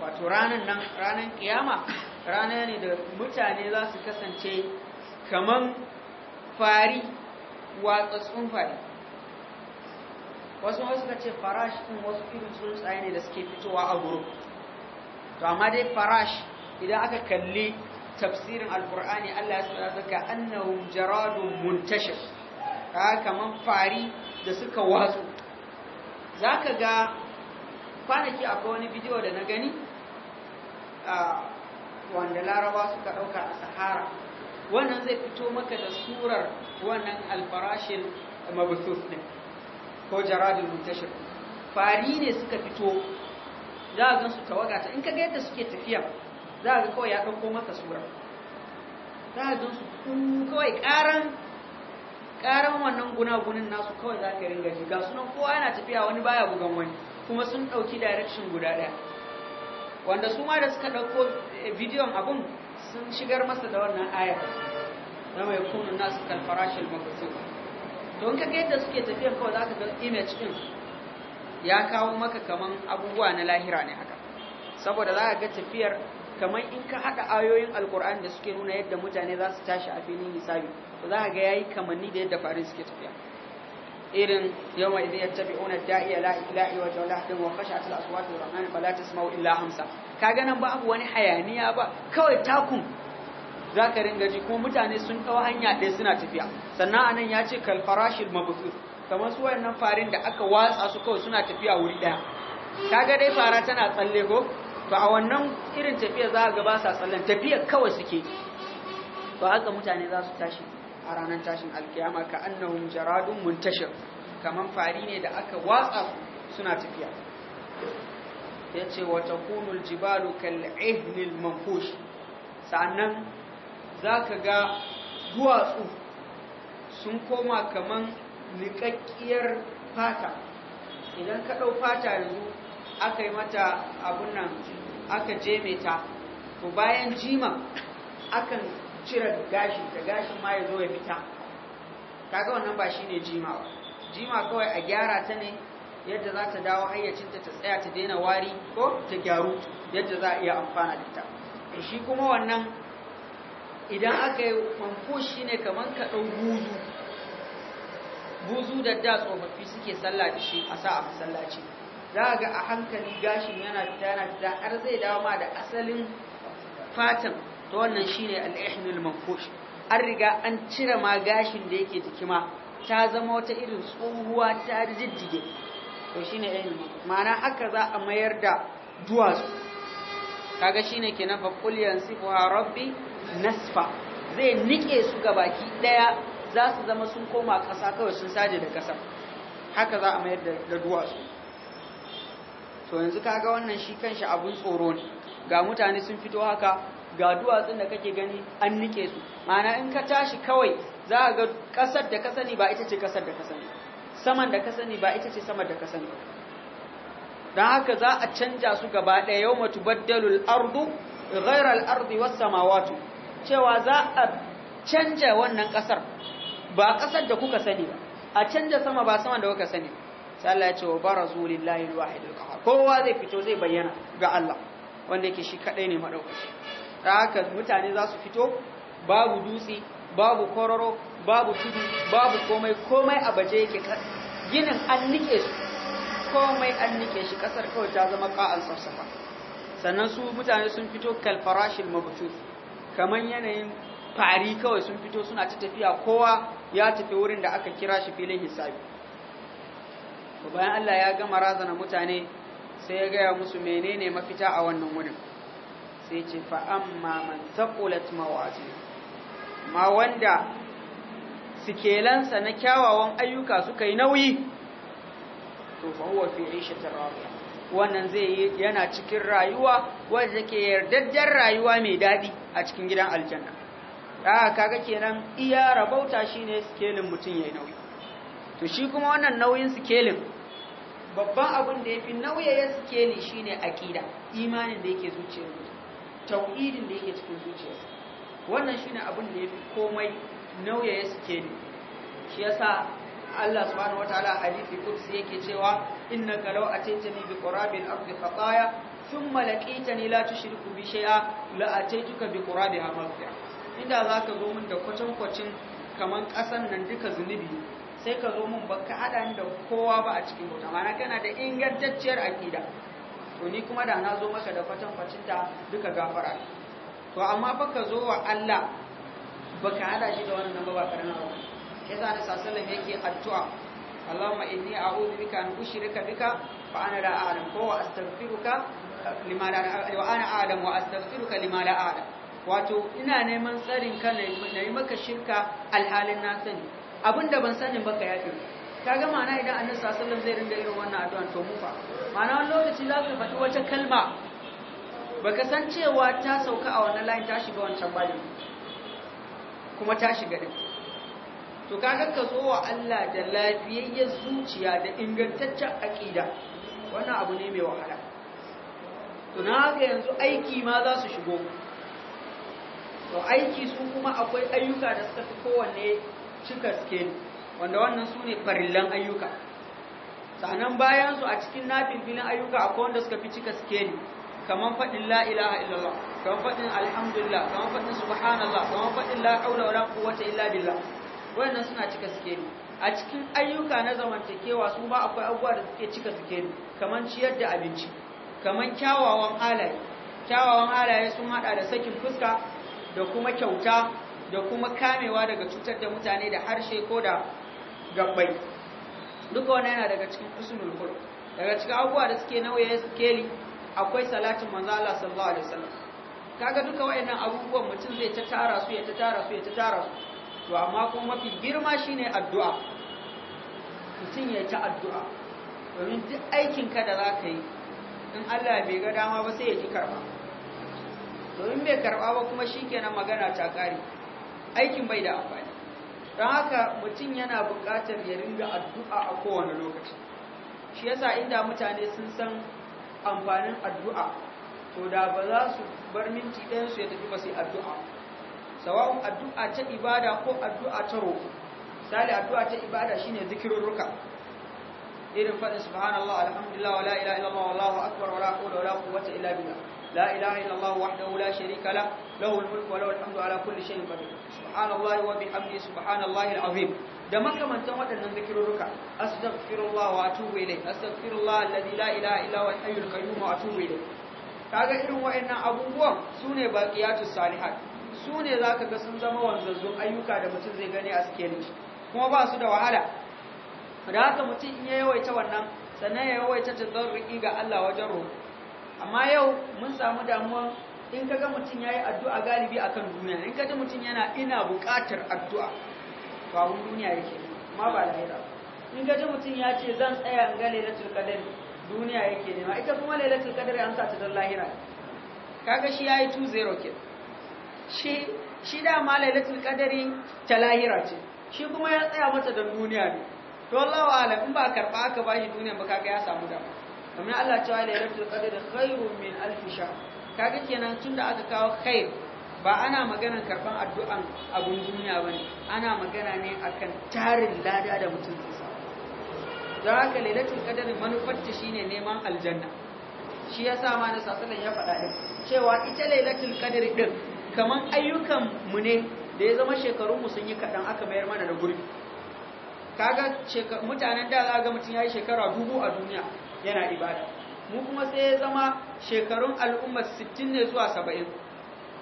wato ranar nan ranar kiyama rana ne da mutane za su kasance kaman fari watsatsun fari wasu wasu ka ce farash ɗin wasu irin tsuntsaye ne da suke fitowa a guru to amma dai farash idan aka kalli tafsirin Alƙur'ani, Allah ya tsara zaka annahum jaradun muntashir ka kaman fari da suka watsu za ka ga kwanaki akwai wani bidiyo da na gani wanda laraba suka ɗauka a sahara wannan zai fito maka da surar wannan alfarashin mabusus ne ko jaradin mutashir fari ne suka fito za a gansu tawaga ta in ka ga yadda suke tafiya za a ga kawai ya ɗauko maka surar za a gansu kawai ƙaran karan wannan gunagunin nasu kawai za ka ringa ji ga sunan kowa yana tafiya wani baya bugan wani kuma sun ɗauki direction guda ɗaya wanda su ma da suka ɗauko eh, bidiyon abun sun shigar masa da wannan aya na mai kunun nasu kalfarashin makasir don ka yadda suke tafiya kawai za ka ga image ɗin ya kawo maka kaman abubuwa na lahira ne haka saboda za ka ga tafiyar kamar in ka haɗa ayoyin alkur'an da suke nuna yadda mutane za su tashi a filin hisabi to za ka ga yayi kamanni da yadda farin suke tafiya irin yawma idh yattabi'una da'iya la ilaha illa huwa lahdan wa khashat al aswat wa rahman fala tasma'u illa hamsa Ka nan ba abu wani hayaniya ba kawai takun ka ringa ji kuma mutane sun kawo hanya ɗaya suna tafiya sannan anan ya ce kal farashil mabthus kamar su wayannan farin da aka watsa su kawai suna tafiya wuri ɗaya ga dai fara tana tsalle ko to a wannan irin tafiya za ga ba sa tsallan tafiya kawai suke to haka mutane za su tashi a ranar tashin alkiyama ka annahum jaradun muntashir kaman fari ne da aka watsa suna tafiya yace wa takunu aljibalu kal'ihni almanfush sannan ka ga duwatsu sun koma kaman niƙaƙƙiyar fata idan ka ɗau fata yanzu aka yi mata abun nan aka jeme ta to bayan jima akan cire gashi da gashin ma ya zo ya fita kaga wannan ba shine jima ba jima kawai a gyara ta ne yadda za ta dawo hayyacinta ta tsaya ta daina wari ko ta gyaru yadda za a iya amfana da ita shi kuma wannan idan aka yi famfo shi ne kamar ka ɗau buzu buzu da da tsofaffi suke sallah da shi a sa a masallaci za ga a hankali gashin yana fita yana fita har zai dawo ma da asalin fatan to wannan shine al-ihnul manfush an riga an cire ma gashin da yake jiki ma ta zama wata irin tsohuwa ta jijjige to shine ainihin ma'ana haka za a mayar da duwatsu kaga shine kenan fa qul yansifuha rabbi nasfa zai nike su gabaki daya za su zama sun koma ƙasa, kawai sun saje da kasa haka za a mayar da duwatsu to yanzu kaga wannan shi kanshi abun tsoro ne ga mutane sun fito haka ga duwatsun da kake gani an nike su ma'ana in ka tashi kawai za ga kasar da ka sani ba ita ce kasar da ka sani saman da ka sani ba ita ce saman da ka sani don haka za a canja su gaba ɗaya yau matu baddalul ardu ghairal ardi was samawatu cewa za a canja wannan kasar ba kasar da kuka sani ba a canja sama ba saman da kuka sani ba sallah ya ce wa barazu rasulillahi alwahid alqahar kowa zai fito zai bayyana ga Allah wanda yake shi kadai ne madaukaki da haka mutane za su fito babu dutse babu kororo babu tudu babu komai komai a baje yake ginin an nike shi komai an nike shi kasar kawai ta zama ka'an safsafa sannan su mutane sun fito kal farashin mabtuf kaman yanayin fari kawai sun fito suna ta tafiya kowa ya tafi wurin da aka kira shi filin hisabi to bayan Allah ya gama razana mutane sai ya gaya musu menene mafita a wannan wurin sai ce fa amma man taqulat mawazin ma wanda sikelansa na kyawawan ayyuka suka yi nauyi to fa huwa fi ta radiyah wannan zai yana cikin rayuwa wanda ke yardajjar rayuwa mai daɗi a cikin gidan aljanna da kaga kenan iya rabauta shine sikelin mutum ya yi nauyi to shi kuma wannan nauyin sikelin babban abin da yafi nauyayen sikeli ne aqida imanin da yake zuciya mutum tauhidin da yake cikin zuciyarsa wannan shi ne abin da yafi komai nauyayen sikeli shi yasa Allah subhanahu wataala hadisi kudsi yake cewa inna kalau ataitani bi qurabil ardi khataya thumma laqitani la tushriku bi shay'a la ataituka bi qurabiha maghfira inda zaka zo min da kwatankwacin kaman kasan nan duka zunubi sai ka zo mun baka hada ni da kowa ba a cikin bauta mana kana da ingantacciyar aqida to ni kuma da na zo maka da fatan facinta duka gafara to amma fa ka zo wa Allah baka hada shi da wannan ba karana ba yasa ne sallallahu yake addu'a Allahumma inni a'udhu bika an ushrika bika fa ana da a'lam ko wa astaghfiruka lima la wa ana a'lam wa astaghfiruka lima la a'lam wato ina neman tsarin kana na yi maka shirka alhalin na sani abinda ban sanin baka yafe ka ga ma'ana idan annabi sallallahu alaihi wasallam zai rinda irin wannan addu'a to mu fa ma'ana wani lokaci za ka faɗi wata kalma baka san cewa ta sauka a wannan layin ta shiga wancan bayin kuma ta shiga din to ga ka zo wa Allah da lafiyayyen zuciya da ingantaccen aqida wannan abu ne mai wahala to na ga yanzu aiki ma za su shigo to aiki su kuma akwai ayyuka da suka fi kowanne cika skin wanda wannan su ne farillan ayyuka sannan bayan su a cikin filin ayyuka akwai wanda suka fi cika skin kaman faɗin la ilaha illallah kaman faɗin alhamdulillah kaman faɗin subhanallah kaman faɗin la wa wala wata illa billah wannan suna cika skin a cikin ayyuka na zamantakewa su ba akwai abubuwa da suke cika skin kaman ciyar da abinci kaman kyawawan halaye kyawawan halaye sun hada da sakin fuska da kuma kyauta da kuma kamewa daga cutar da mutane da harshe ko da gabbai duka wannan yana daga cikin husnul khuluq daga cikin abubuwa da suke nauye keli akwai salatin manzo Allah sallallahu alaihi wasallam kaga duka wayannan abubuwan mutum zai ta tara su ya ta tara su ya ta tara su to amma kuma mafi girma shine addu'a mutum ya ta addu'a domin duk aikin ka da zaka yi in Allah bai ga dama ba sai ya ki karba domin bai karba ba kuma shikenan magana ta kare aikin bai da amfani don haka mutum yana buƙatar ya ringa addu'a a kowane lokaci shi yasa inda mutane sun san amfanin addu'a to da ba za su bar minti ɗaya su ya tafi ba sai addu'a sawa'un addu'a ta ibada ko addu'a ta roƙo misali addu'a ta ibada shine zikirurruka irin faɗin subhanallah alhamdulillah wala ilaha illallah wallahu akbar wala hawla wala quwwata illa billah لا إله إلا الله وحده لا شريك له له الملك وله الحمد على كل شيء قدير سبحان الله وبحمده سبحان الله العظيم da makamantan waɗannan zikirurruka astaghfirullah wa atubu ilayh astaghfirullah alladhi la ilaha illa huwa al-hayyul qayyum wa atubu ilayh kaga irin waɗannan abubuwan sune baqiyatus salihat sune zaka ga sun zama wanzazzun ayyuka da mutum zai gani a cikin shi kuma ba su da wahala da haka mutum in ya yawaita wannan sannan ya yawaita tadarruki ga Allah wajen roƙo amma yau mun samu damuwa in kaga mutum ya yi addu'a galibi a kan duniya in kaji mutum yana ina buƙatar addu'a ba wun duniya yake ma ba lahira in kaji mutum ya ce zan tsaya in ga lailatul qadr duniya yake nema ita kuma lailatul qadr an sa ta don lahira kaga shi yayi 20 ke shi shi dama lailatul qadari ta lahira ce shi kuma ya tsaya mata don duniya ne to Allah wa'ala in ba karba aka bashi duniya ba kaga ya samu damu. kamar Allah cewa lailatul qadr khairun min alf shahr kaga kenan tunda aka kawo khair ba ana magana karban addu'an abun duniya bane ana magana ne akan tarin lada da mutum zai don haka lailatul qadr ta shine neman aljanna shi yasa ma na sasalan ya faɗa din cewa ita lailatul qadr din kaman ayyukan mu ne da ya zama shekarun mu sun yi kadan aka mayar mana da gurbi kaga mutanen da za ga mutum yayi shekara dubu a duniya yana ibada mu kuma sai ya zama shekarun al'ummar 60 ne zuwa 70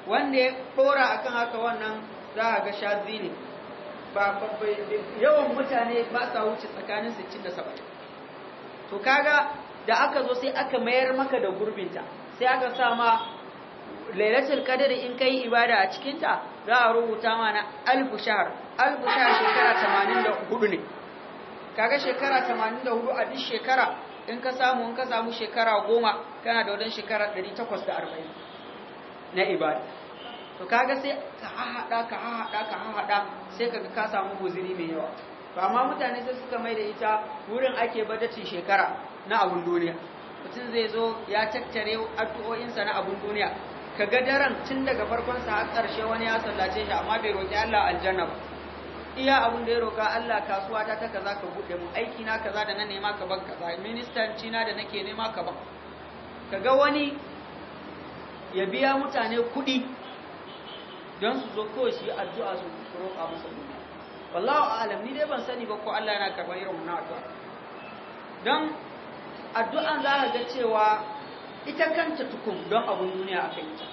wanda ya kora akan haka wannan za a ga shazi ne ba yawan mutane ba sa wuce tsakanin 60 da 70 to kaga da aka zo sai aka mayar maka da gurbinta sai aka sa ma lailatul qadr in kai ibada a cikin ta za a rubuta mana al-bushar al-bushar shekara 84 ne kaga shekara 84 a duk shekara in ka samu in ka samu shekara goma kana da wadan shekara 840 na ibada to kaga sai ka hahada ka hahada ka hahada sai kaga ka samu guziri mai yawa to amma mutane sai suka mai da ita wurin ake badacin shekara na abun duniya mutum zai zo ya tattare addu'o'insa na abun duniya Ka ga daren tun daga farkon sa har ƙarshe wani ya sallace shi amma bai roki Allah aljanna ba iya abun da ya roka Allah kasuwa ta ta kaza ka bude mu aiki na kaza da na nema ka ban kaza ministanci na da nake nema ka ban kaga wani ya biya mutane kuɗi don su zo ko shi addu'a su roƙa musu duniya wallahi alam ni dai ban sani ba ko Allah yana karɓar irin wannan addu'a don addu'an za ka ga cewa ita kanta tukun don abun duniya aka yi ta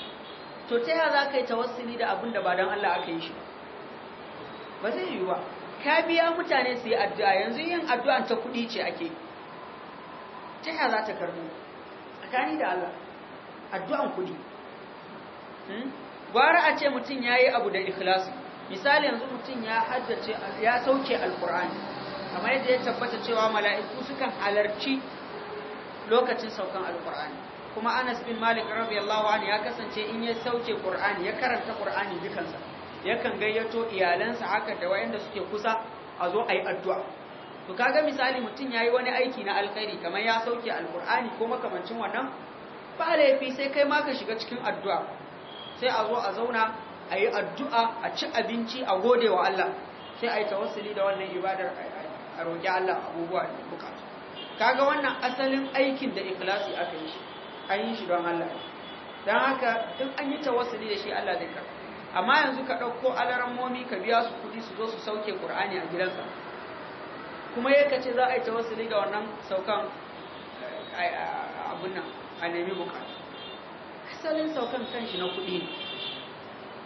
to ta yaya za ka yi tawassuli da abin da ba don Allah aka yi shi ba ba zai yi ba ka biya mutane su yi addu'a yanzu yin addu'an ta kuɗi ce ake ta yaya za ta karɓo tsakani da Allah addu'an kuɗi hmm? gwara a ce mutum ya yi abu da ikhlasu misali yanzu mutum ya haddace ya sauke alkur'ani kamar yadda ya tabbata cewa mala'iku sukan halarci lokacin saukan alkur'ani kuma anas bin malik radiyallahu anhu ya kasance in ya sauke ƙur'ani, ya karanta ƙur'ani dukansa yakan gayyato iyalansa haka da wayanda suke kusa a zo ayi addu'a to kaga misali mutun yayi wani aiki na alkhairi kamar ya sauke alqur'ani ko makamancin wannan ba laifi sai kai ma ka shiga cikin addu'a sai a zo a zauna ayi addu'a a ci abinci a gode wa Allah sai ayi tawassuli da wannan ibadar a roki Allah abubuwa da bukatu kaga wannan asalin aikin da ikhlasi aka yi shi an yi shi don Allah don haka duk an yi tawassuli da shi Allah zai karɓa amma yanzu ka ɗauko alarammomi ka biya su kuɗi su zo su sauke ƙur'ani a gidansa kuma ya kace za a yi tawassuli ga wannan saukan eh, abun nan a nemi bukatu asalin saukan kanshi na kuɗi ne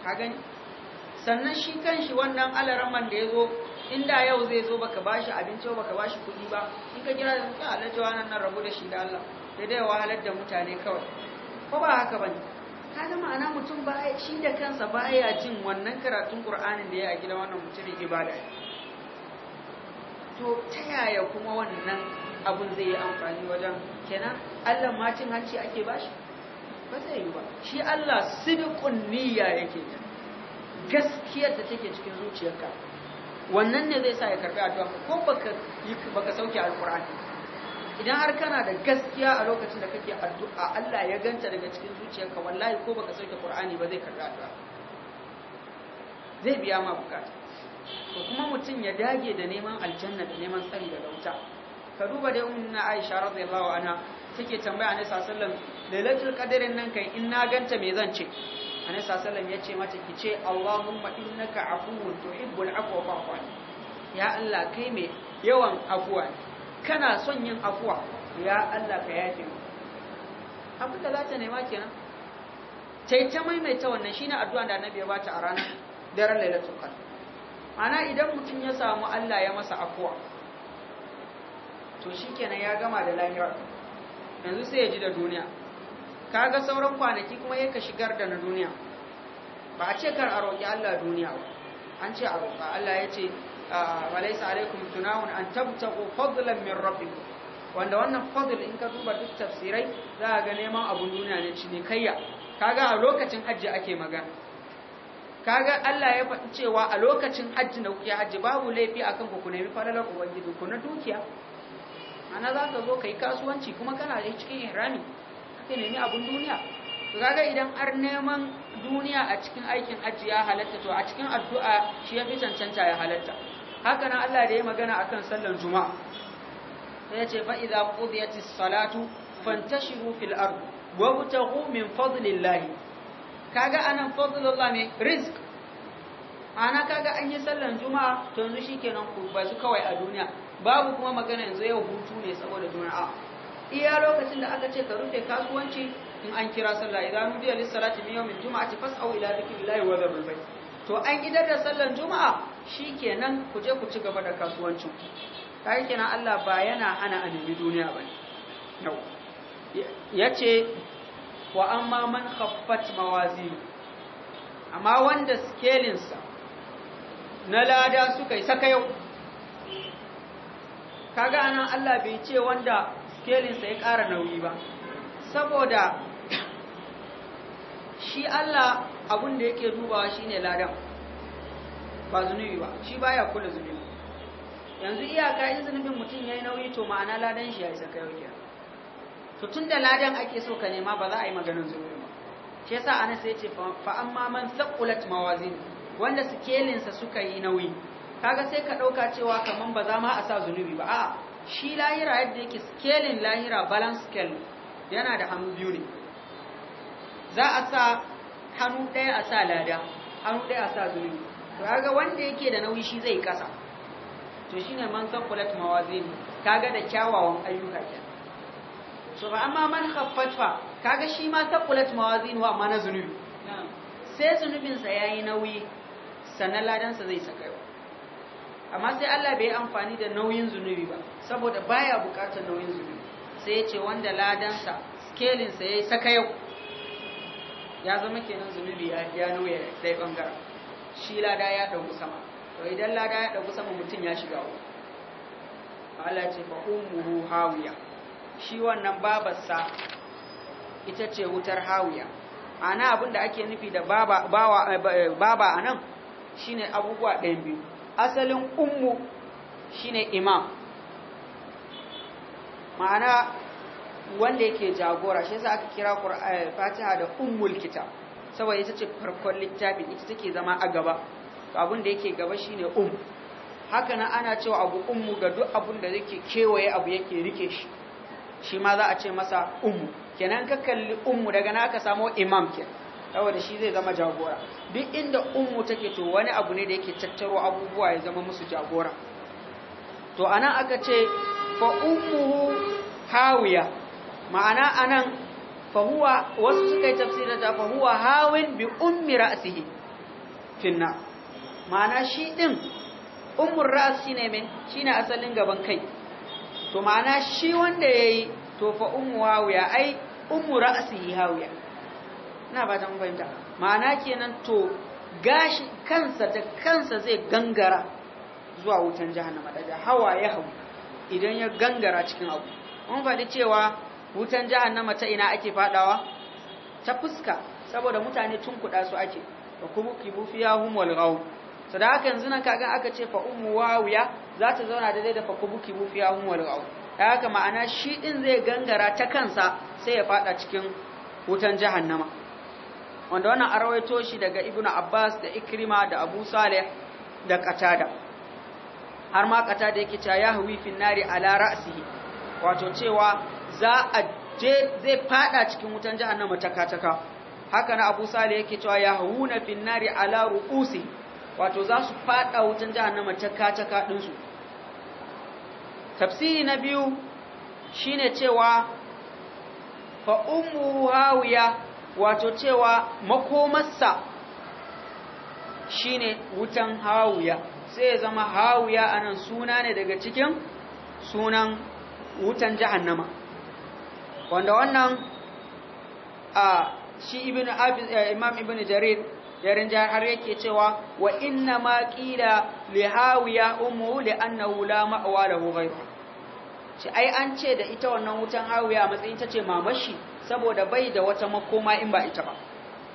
ka gani sannan shi kanshi wannan alaramman da ya zo inda yau zai zo baka bashi abinci ba baka bashi kuɗi ba in ka kira da mutum alajawa nan rabu da shi da Allah da dai wahalar da mutane kawai ko ba haka bane kada ma'ana mutum ba shi da kansa ba ya jin wannan karatun Qur'anin da ya a gida wannan mutumin ibada to ta yaya kuma wannan abun zai yi amfani wajen kenan Allah macin hanci ake bashi ba zai yi ba shi Allah sidikun niyya yake gaskiyar da take cikin zuciyarka wannan ne zai sa ya karɓi addu'a ko baka ka sauke Alƙur'ani? idan har kana da gaskiya a lokacin da kake addu'a Allah ya ganta daga cikin zuciyarka wallahi ko baka sauke Qur'ani ba zai karɓa ka zai biya ma bukata to kuma mutum ya dage da neman aljanna da neman tsari da lauta. ka duba da umma Aisha radiyallahu anha take tambaya Annabi sallallahu alaihi wasallam lailatul qadarin nan kai in na ganta me zan ce Annabi sallallahu alaihi wasallam ya ce mata ki ce Allahumma innaka afuwun tuhibbul afwa fa'fu ya Allah kai me yawan afuwa ne kana son yin afuwa ya Allah ka yafe mu abin za ta nema kenan tai ta maimaita wannan shine addu'a da annabi ya bata a ranar daren lailatul qadr ana idan mutum ya samu Allah ya masa afuwa to shikenan ya gama da lahira yanzu sai ya ji da duniya kaga sauran kwanaki kuma yake shigar da na duniya ba a ce kar a roƙi Allah duniya ba an ce a roƙa Allah ya ce walaysa alaykum junahun an tabtagu fadlan min rabbikum wanda wannan fadl in ka duba duk tafsirai za a ga neman abun duniya ne cinikayya kaga a lokacin hajji ake magana kaga Allah ya faɗi cewa a lokacin hajji da kuke hajji babu laifi akan ku ku nemi falalar ubangiji ku na dukiya ana za ka zo ka yi kasuwanci kuma kana da cikin ihrami ka nemi abun duniya to kaga idan ar neman duniya a cikin aikin ya halatta to a cikin addu'a shi ya fi cancanta ya halatta haka nan Allah da ya magana akan sallan juma'a sai ya ce fa idza qudiyatis salatu fantashiru fil ard wabtaghu min fadlillah kaga anan fadlullah ne risk ana kaga an yi sallan juma'a to yanzu shikenan ku ba su kawai a duniya babu kuma magana yanzu yau hutu ne saboda juma'a iya lokacin da aka ce ka rufe kasuwanci in an kira sallah idan nudiya lis yau, min yawmil juma'ati au ila dhikrillahi wa dharul bayt to an idar da sallar juma'a shi shikenan ku je ku ci gaba da kasuwancin kai kenan Allah ba yana ana annabi duniya bane yau yace wa amma man khaffat mawazin amma wanda scaling sa na lada suka yi saka yau kaga anan Allah bai ce wanda scaling sa ya ƙara nauyi ba saboda shi Allah abun da yake dubawa shine ladan ba zunubi ba shi baya kula zunubi yanzu iyaka in zunubin mutum yayi nauyi to ma'ana ladan shi yayi saka yau to tunda ladan ake so ka nema ba za a yi maganar zunubi ba shi yasa Anas fa amma man thaqulat mawazin wanda sikelin sa suka yi nauyi kaga sai ka dauka cewa kaman ba za ma a sa zunubi ba a'a shi lahira yadda yake sikelin lahira balance scale yana da hannu biyu ne za a sa hannu ɗaya a sa lada hannu ɗaya a sa zunubi to ga wanda yake da nauyi shi zai kasa to shi ne man saqulat mawazin ga da kyawawan ayyuka ke so ba amma man khaffat ka ga shi ma saqulat mawazin wa amma na zunubi sai zunubin sa yayi nauyi sannan ladan sa zai yau. amma sai Allah bai amfani da nauyin zunubi ba saboda baya bukatar nauyin zunubi sai ya ce wanda ladan sa scaling sa yayi yau ya zama kenan zunubi ya nauya dai bangaren shi lada ya ɗauki sama to idan lada ya ɗauki sama mutum ya shiga wa Allah ce fa ummuhu hawiya shi wannan babarsa ita ce wutar hawiya ana abin da ake nufi da baba eh, eh, a baba anan shine abubuwa ɗayan biyu asalin ummu shine imam ma'ana wanda yake jagora shi yasa aka kira Fatiha da ummul kitab saboda ita ce farkon littafin ita take zama a gaba to abin da yake gaba shine um haka nan ana cewa abu ummu ga duk abin da yake kewaye abu yake rike shi shi ma za a ce masa ummu kenan ka kalli ummu daga na aka samo imam ke saboda shi zai zama jagora duk inda ummu take to wani abu ne da yake tattaro abubuwa ya zama musu jagora to anan aka ce fa ummuhu hawiya ma'ana anan fahuwa wasu suka yi tafsirin ta fahuwa hawin bi ummi ra'sihi finna ma'ana shi din ummu ra'si ne me shine asalin gaban kai to ma'ana shi wanda yayi to fa ummu hawiya ai ummu ra'sihi hawiya ina ba dan mun ma'ana kenan to gashi kansa ta kansa zai gangara zuwa wutan jahannama daga hawa ya hau idan ya gangara cikin abu mun faɗi cewa wutan jahannama ta ina ake fadawa ta fuska saboda mutane tun kuda su ake wa kuma kibufiya hum Sadaka yanzu nan kaga aka ce fa ummu wawiya za ta zauna daidai da fa kubuki bufiya hum haka ma'ana shi din zai gangara ta kansa sai ya fada cikin wutan jahannama wanda wannan arwaito shi daga ibnu abbas da ikrima da abu salih da qatada har ma qatada yake cewa yahwi fi nari ala ra'sihi wato cewa za a je zai fada cikin wutan jahannama taka haka na abu sale yake cewa ya hauna finnari ala ru'usi wato za su fada wutan jahannama taka din ɗinsu tafsiri na biyu shine cewa fa ummu hawiya wato cewa makomarsa shine wutan hawiya sai ya zama hawiya anan suna ne daga cikin sunan wutan jahannama wanda wannan a shi ibn eh, imam ibn jarir yarin jihar har yake cewa wa inna ma qila li hawiya ummu li annahu la ma'wa lahu ghayr shi ai an ce da ita wannan wutan hawiya matsayin ta ce mamashi saboda bai da wata makoma in ba ita ba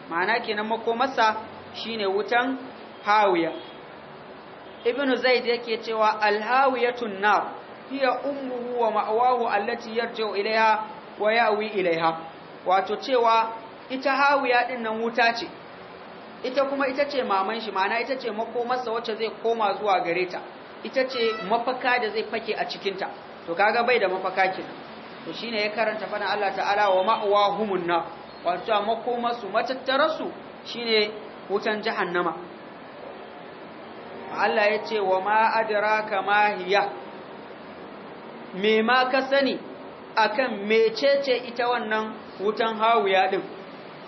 ma'ana kenan makomarsa shine wutan hawiya ibn zaid yake cewa al hawiyatun nar hiya ummuhu wa ma'wahu allati yarji'u ilaiha wa yawi ilaiha wato cewa ita hawiya din nan wuta ce ita kuma ita ce maman shi ma'ana ita ce makomarsa wacce zai koma zuwa gare ta ita ce mafaka da zai fake a cikin ta. to kaga bai da mafaka ki? to shine ya karanta fana Allah ta'ala wa ma'awahumun na wato makomarsu matattarasu shine wutan jahannama Allah ya ce wa ma adraka ma hiya me ma ka sani akan mecece ita wannan wutan hawuya din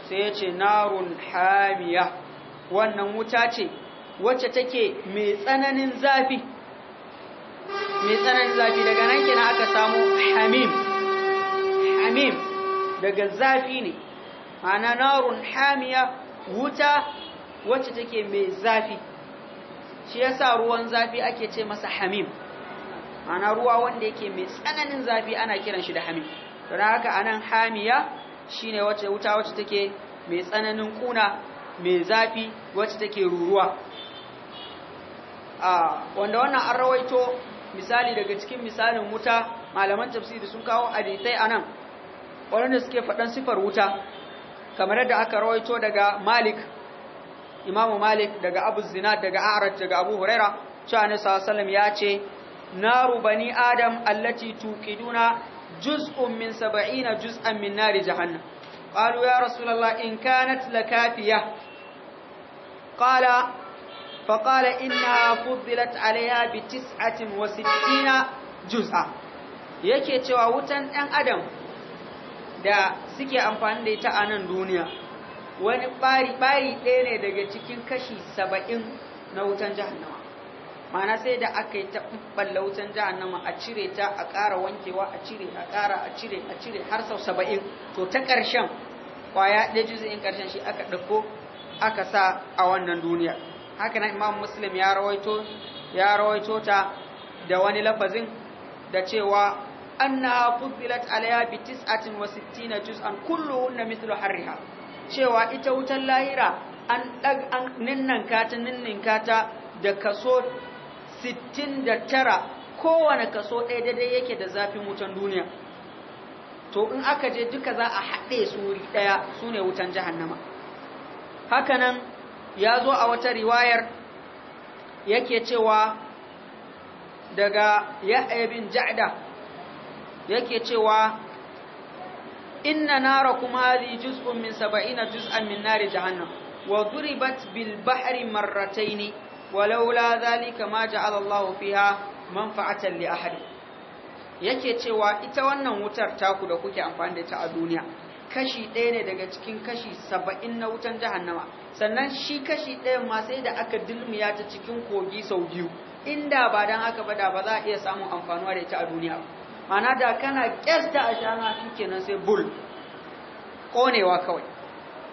sai ya ce narun hamiya wannan wuta ce wacce take mai tsananin zafi mai tsananin zafi daga nan kina aka samu hamim hamim daga zafi ne ana narun hamiya wuta wacce take mai zafi shi yasa ruwan zafi ake ce masa hamim ana ruwa wanda yake mai tsananin zafi ana kiran shi da hami don haka anan hamiya shine wace wuta wacce take mai tsananin kuna mai zafi wacce take ruruwa a ah, wanda wannan an rawaito misali daga cikin misalin wuta malaman tafsiri sun kawo aditai anan wanda suke faɗan sifar wuta kamar yadda aka rawaito daga Malik Imam Malik daga Abu Zinad daga A'raj daga Abu Huraira cewa ne sallallahu alaihi wasallam ya ce naru bani adam allati tuqiduna juz'un min 70 juz'an min nari jahannam qalu ya rasulullah in kanat lakafiya qala faqala innaha fuddilat alayha bi 69 juz'a yake cewa wutan dan adam da suke amfani da ita a nan duniya wani bari ɗaya ne daga cikin kashi 70 na wutan jahannama mana sai da aka yi ta ɓalla wutan jahannama a cire ta a ƙara wankewa a cire a ƙara a cire a cire har sau saba'in to ta ƙarshen ƙwaya ɗaya in ƙarshen shi aka ɗauko aka sa a wannan duniya haka na imam muslim ya rawaito ya rawaito ta da wani lafazin da cewa annaha fuddilat alayha bi tis'atin wa sittina juz'an kulluhunna mithlu harriha cewa ita wutan lahira an ɗag an ninninka ta ninninka ta da kaso 69 kowane kaso ɗaya daidai yake da zafin wutan duniya to in aka je duka za a haɗe su wuri ɗaya su ne wutan jahannama hakanan ya zo a wata riwayar yake cewa daga ya'ya bin ja'da yake cewa inna kuma hadhi juz'un min saba'ina juz'an min nari jahannam wa duribat bil bahari marrataini walaula zalika ma ja'ala Allahu fiha manfa'atan li yake cewa ita wannan wutar taku da kuke amfani da ita a duniya kashi ɗaya ne daga cikin kashi saba'in na wutan jahannama sannan shi kashi ɗayan ma sai da aka dilmiya ta cikin kogi sau biyu inda ba don aka bada ba za a iya samun amfanuwa da ita a duniya mana da kana kyasta a shana kenan sai bul konewa kawai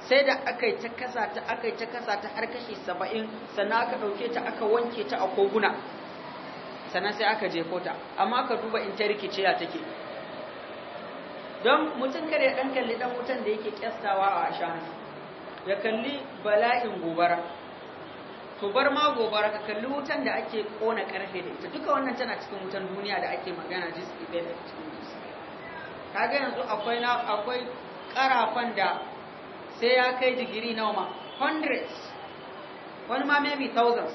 sai da aka yi ta kasa ta aka yi ta kasa ta har kashi saba'in sannan aka ɗauke ta aka wanke ta a koguna sannan sai aka jefo ta amma ka duba in ta rikice ya take don mutum kare ɗan kalli ɗan wutan da yake kyastawa a ashanu ya kalli bala'in gobara to bar ma gobara ka kalli wutan da ake ƙona ƙarfe da ita duka wannan tana cikin wutan duniya da ake magana jis da cikin jis kaga yanzu akwai na akwai karafan da sai ya kai digiri nawa ma hundreds wani ma maybe thousands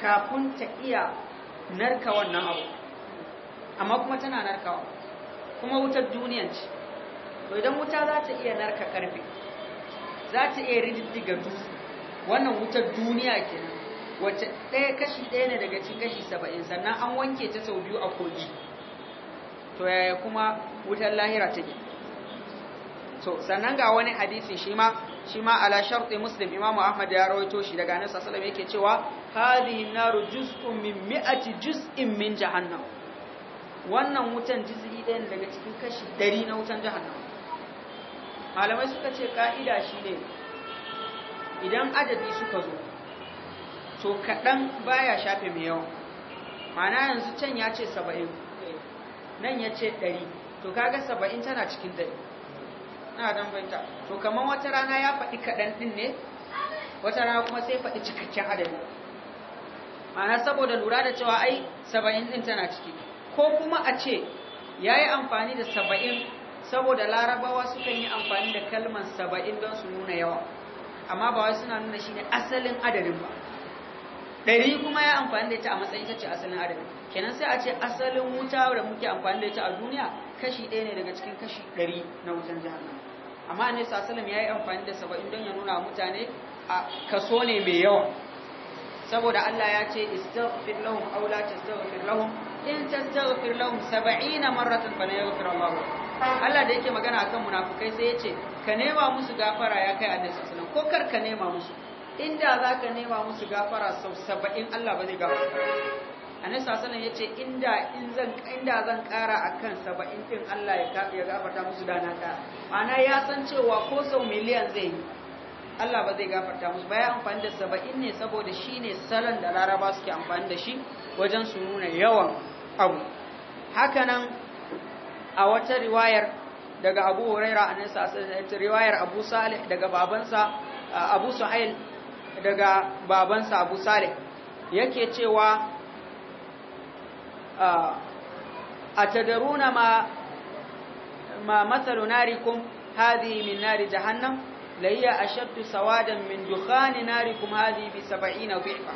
kafin ta iya narka wannan abu amma kuma tana narkawa kuma wutar duniyan ce to idan wuta za ta iya narka karfe za ta iya rididdiga dutse wannan wutar duniya ke nan, wacce ɗaya kashi ɗaya ne daga cikin kashi saba'in sannan an wanke ta sau biyu a kogi to yaya kuma wutar lahira take so sannan ga wani hadisi shi ma shi ma ala sharti muslim imamu ahmad ya rawaito shi daga annabi sallallahu alaihi yake cewa hadhihi naru juz'un min mi'ati juz'in min jahannam wannan wutan juz'i ɗayan daga cikin kashi 100 na wutan jahannam malamai suka ce ka'ida shine idan adadi suka zo to kaɗan baya shafe mai yawa ma'ana yanzu can ya ce 70 nan ya ce 100 to kaga 70 tana cikin 100 na dan baita to kaman wata rana ya faɗi kaɗan ɗin ne wata rana kuma sai faɗi cikakken adadi ma'ana saboda lura da cewa ai saba'in ɗin tana ciki ko kuma a ce ya yi amfani da saba'in saboda larabawa sukan yi amfani da kalman saba'in don su nuna yawa amma ba wai suna nuna shi ne asalin adadin ba ɗari kuma ya amfani da ita a matsayin ta ce asalin adadin kenan sai a ce asalin wuta da muke amfani da ita a duniya kashi ɗaya ne daga cikin kashi ɗari na wutan jahannama amma sa Salam ya yi amfani da saba'in don ya nuna mutane a kaso ne mai yawa saboda Allah ya ce istaghfir lahum aw la tastaghfir lahum in tastaghfir lahum 70 marratan fa la yaghfir Allah Allah da yake magana akan munafukai sai ya ce ka nema musu gafara ya kai annabi sallallahu ko kar ka nema musu inda za ka nema musu gafara sau saba'in Allah ba zai gafara annabi sallallahu ya ce inda in zan inda zan kara akan 70 din Allah ya ya gafarta musu dana ka ana ya san cewa ko sau miliyan zai yi Allah ba zai gafarta musu ba ya amfani da 70 ne saboda shine salon da Laraba suke amfani da shi wajen su nuna yawan abu Haka nan, a wata riwayar daga Abu Huraira annabi sallallahu alaihi wasallam riwayar Abu Salih daga babansa Abu Suhail daga babansa Abu Salih yake cewa أتدرون ما ما مثل ناركم هذه من نار جهنم لهي أشد سوادا من دخان ناركم هذه بسبعين ضعفا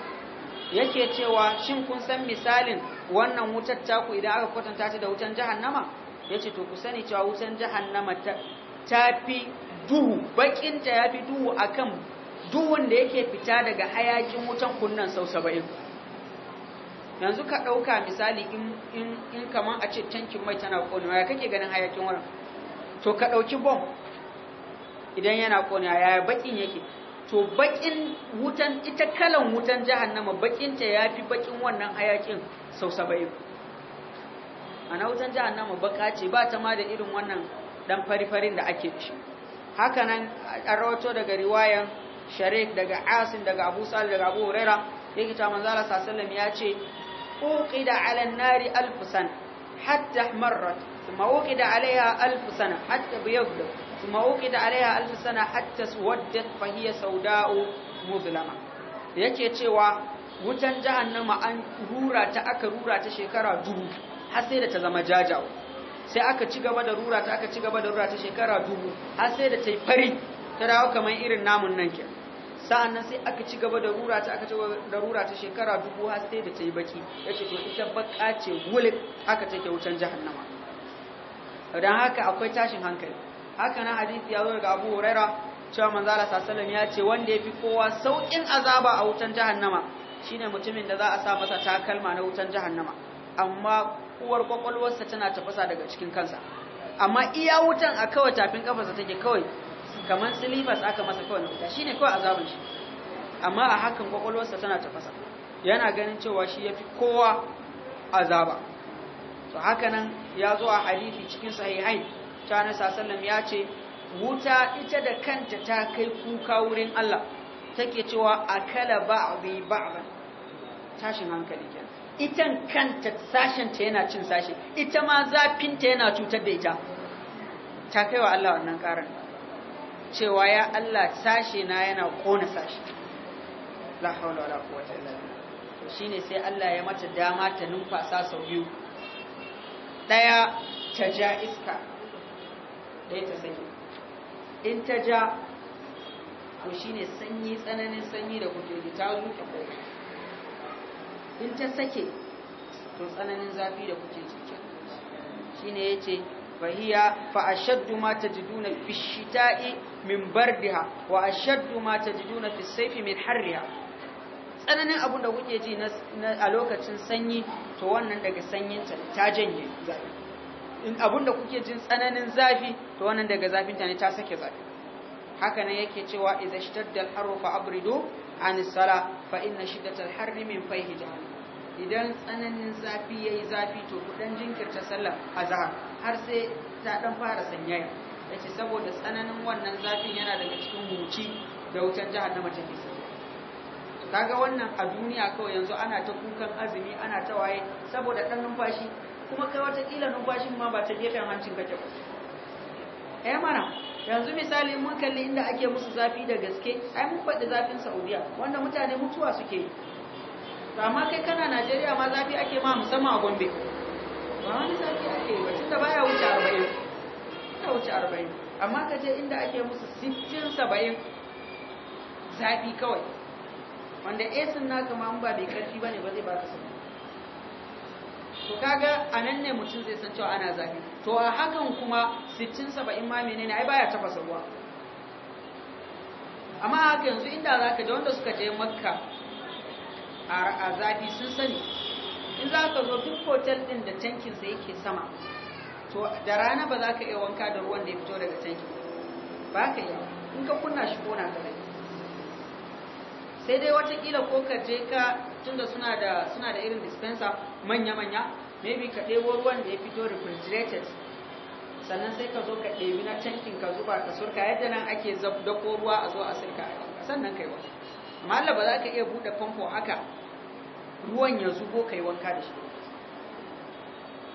yake cewa shin kun san misalin wannan wutar taku idan aka kwatanta ta da wutan jahannama yace to ku sani cewa wutan jahannama ta tafi duhu bakin ta yafi duhu akan duhun da yake fita daga hayakin wutan kunnan sau 70 yanzu ka ɗauka misali in kamar a ce tankin mai tana ƙonewa ya kake ganin hayakin wurin to ka ɗauki bom idan yana ƙonewa ya baƙin yake to baƙin wutan ita kalan wutan jahannama baƙinta ya fi baƙin wannan hayakin sau sabai ana wutan jahannama baƙa ce ba ta ma da irin wannan ɗan fari-farin da ake ci haka nan an rawato daga riwayan sharik daga asin daga abu sal daga abu huraira yake ta manzala sallallahu ya ce وقد على النار ألف سنة حتى مرت ثم وقد عليها ألف سنة حتى بيضت ثم وقد عليها ألف سنة حتى سودت فهي سوداء مظلمة yake cewa wutan jahannama an rura ta aka rura ta shekara dubu har sai da ta zama jajawa sai aka ci gaba da rura ta aka ci gaba da rura ta shekara dubu har sai da ta yi fari ta dawo kamar irin namun nan kenan sa'an nan sai aka ci gaba da rura ta aka ci da rura ta shekara dubu har sai da tayi yi baki ya ce to ita baka ce wulik haka take wutan jahannama don haka akwai tashin hankali haka na hadisi ya zo daga abu huraira cewa manzala sasalam ya ce wanda ya fi kowa sauƙin azaba a wutan jahannama shine mutumin da za a sa masa takalma na wutan jahannama amma uwar kwakwalwarsa tana tafasa daga cikin kansa amma iya wutan a kawai tafin kafarsa take kawai kamar silibas aka masa kawai na shi shine kawai azabin shi amma a hakan kwakwalwarsa tana tafasa yana ganin cewa shi ya fi kowa azaba to haka nan ya zo a hadisi cikin sahihai ta na sallam ya ce wuta ita da kanta ta kai kuka wurin Allah take cewa akala ba'dhi ba'dan tashin hankali kenan itan kanta sashenta yana cin sashe, ita ma zafinta yana cutar da ita ta kai wa Allah wannan karanta cewa ya Allah sashe na yana kona sashe la haula wala quwwata illa billah shine sai Allah ya mata dama ta numfasa sau biyu daya ta ja iska daya ta saki in ta ja to shine sanyi tsananin sanyi da kuke ji ta zuke komai in ta sake to tsananin zafi da kuke ji shine yace فهي فأشد ما تجدون في الشتاء من بردها وأشد ما تجدون في الصيف من حرها tsananin abin da kuke ji a lokacin sanyi to wannan daga sanyinta ta janye zafi abin da kuke jin tsananin zafi to wannan daga zafinta ne ta sake zafi haka nan yake cewa idza shaddal al fa abridu an sala fa inna shiddatal harri min fayhi jahannam idan tsananin zafi ya yi zafi to kudan jinkirta sallar azhar har sai ta dan fara sanyaya yace saboda tsananin wannan zafin yana daga cikin muci da wutar jahannama take sanya kaga wannan a duniya kawai yanzu ana ta kukan azumi ana ta waye saboda dan numfashi kuma kai wata kila numfashin ma ba ta gefen hancin kake ba eh mana yanzu misali mun kalli inda ake musu zafi da gaske ai mun faɗi zafin Saudiya wanda mutane mutuwa suke yi to amma kai kana Najeriya ma zafi ake ma musamman a Gombe ba wani zafi ake yi ba tunda baya wuce arba'in. ta wuce arba'in. amma ka je inda ake musu sittin saba'in zafi kawai wanda esin kama ma ba mai karfi ne ba zai ba ka sanyi to kaga anan ne mutum zai san cewa ana zafi to a hakan kuma sittin saba'in ma menene ai baya tafasa ruwa amma haka yanzu inda za ka je wanda suka je makka a zafi sun sani in za ka zo duk hotel ɗin da tankinsa yake sama to da rana ba za ka iya wanka da ruwan da ya fito daga tankin ba ka yi in ka kunna shi kona da rai sai dai watakila ko ka je ka tunda suna da suna da irin dispenser manya-manya maybe ka ɗebo ruwan da ya fito refrigerated sannan sai ka zo ka ɗebi na tankin ka zuba ka surka yadda nan ake dako ruwa a zo a sirka sannan kai wasu amma ba za ka iya buɗe famfo haka ruwan ya zubo kai wanka da shi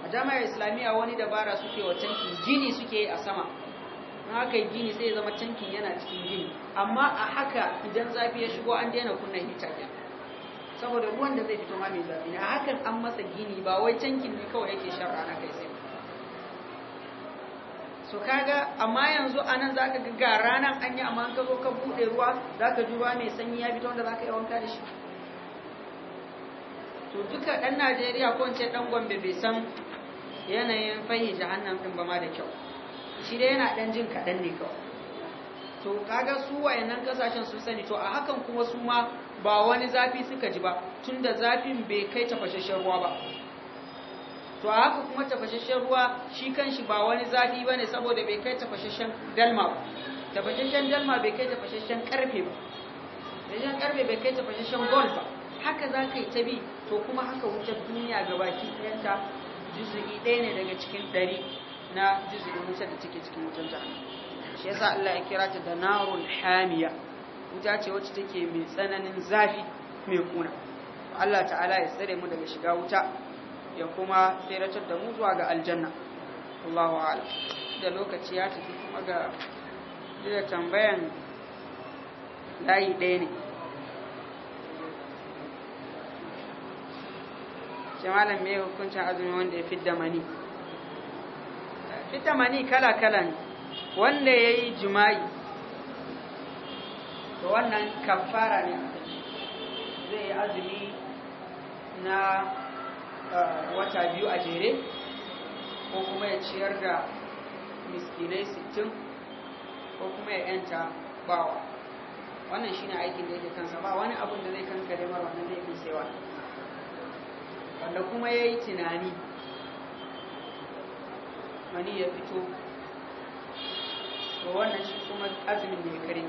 a jami'ar islamiyya wani dabara suke wa tankin gini suke a sama na haka gini sai zama tankin yana cikin gini amma a haka idan zafi ya shigo an daina kunna hita ɗin saboda ruwan da zai fito ma mai zafi ne a hakan an masa gini ba wai tankin ne kawai yake shan rana kai su kaga amma yanzu nan za ka ga ranar an yi amma ka zo ka bude ruwa ka ji ruwa mai sanyi ya fito wanda ka yi wanka da shi to duka dan Najeriya ko ince dan Gombe bai san yanayin fahi jahannam din ba ma da kyau shi dai yana dan jin kadan ne kawai to kaga su wayannan kasashen sun sani to a hakan kuma su ma ba wani zafi suka ji ba tunda zafin bai kai tafashashen ruwa ba to haka kuma tafashashen ruwa shi kanshi ba wani zafi ba ne saboda bai kai tafashashen dalma ba tafashashen dalma bai kai tafashashen karfe ba tafashashen karfe bai kai tafashashen gold ba haka za ka yi ta bi to kuma haka wutar duniya baki ɗayanta juzu'i ɗaya ne daga cikin ɗari na juzu'in wutar da take cikin wutar jahannam shi yasa Allah ya kira ta da narun hamiya wuta ce wacce take mai tsananin zafi mai kuna Allah ta'ala ya tsare mu daga shiga wuta ya kuma tseratar da mu zuwa ga aljanna Allahu a'lam da lokaci ya tafi kuma ga da tambayan layi ɗaya ne jamalan me hukuncin azumi wanda ya fidda mani fidda mani kala kala ne wanda ya yi jima'i to wannan kafara ne zai yi azumi na wata biyu a jere ko kuma ya ciyar da miskinai sittin ko kuma ya yanta bawa wannan shi ne aikin da yake kansa ba wani abin da zai kanka da mara wannan laifin sai wa wanda kuma ya yi tunani mani ya fito to wannan shi kuma azumin ya kare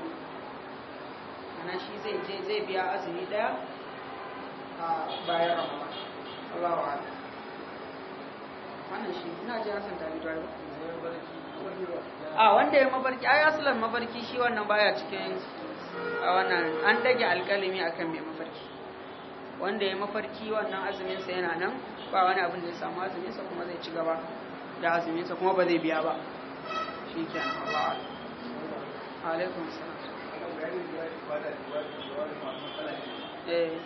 ana shi zai biya azumi daya a bayan ramadan wannan shi ina ji da a ah, wanda ya mafarki ai asalan mafarki shi wannan baya cikin a wannan an dage alkalimi akan mai mafarki wanda ya mafarki wannan azumin sa yana nan ba wani abin da ya samu azumin sa kuma zai ci gaba da azumin sa kuma ba zai biya ba nan Allah alaikum salam eh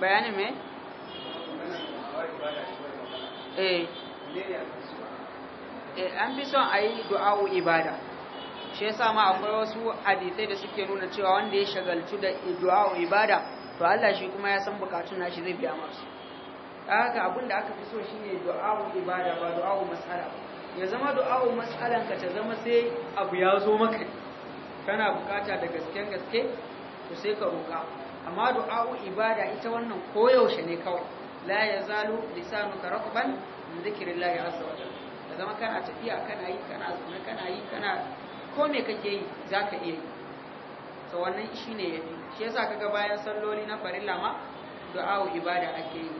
bayanin me Eh. Eh, an fi son a yi du'a'u ibada shi ya ma akwai wasu hadisai da suke nuna cewa wanda ya shagaltu da du'a'u ibada to Allah shi kuma ya san bukatun nashi zai biya masu haka abin aka fi so shi ne du'a'u ibada ba du'a'u matsala. ya zama du'a'u matsalan ka ta zama sai abu ya zo maka kana bukata da gasken gaske to sai ka roka amma du'a'u ibada ita wannan koyaushe ne kawai la zalo lisanuka raqban min azza wa jalla da zama kana tafiya kana yi kana zuwa kana yi kana ko me kake yi zaka iya yi to wannan shine yafi shi yasa kaga bayan salloli na farilla ma du'a ibada ake yi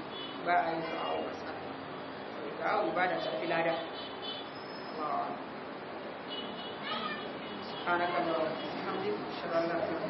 ba a yi du'a du'a ibada ta filada سبحانك اللهم وبحمدك اشهد ان لا اله الا انت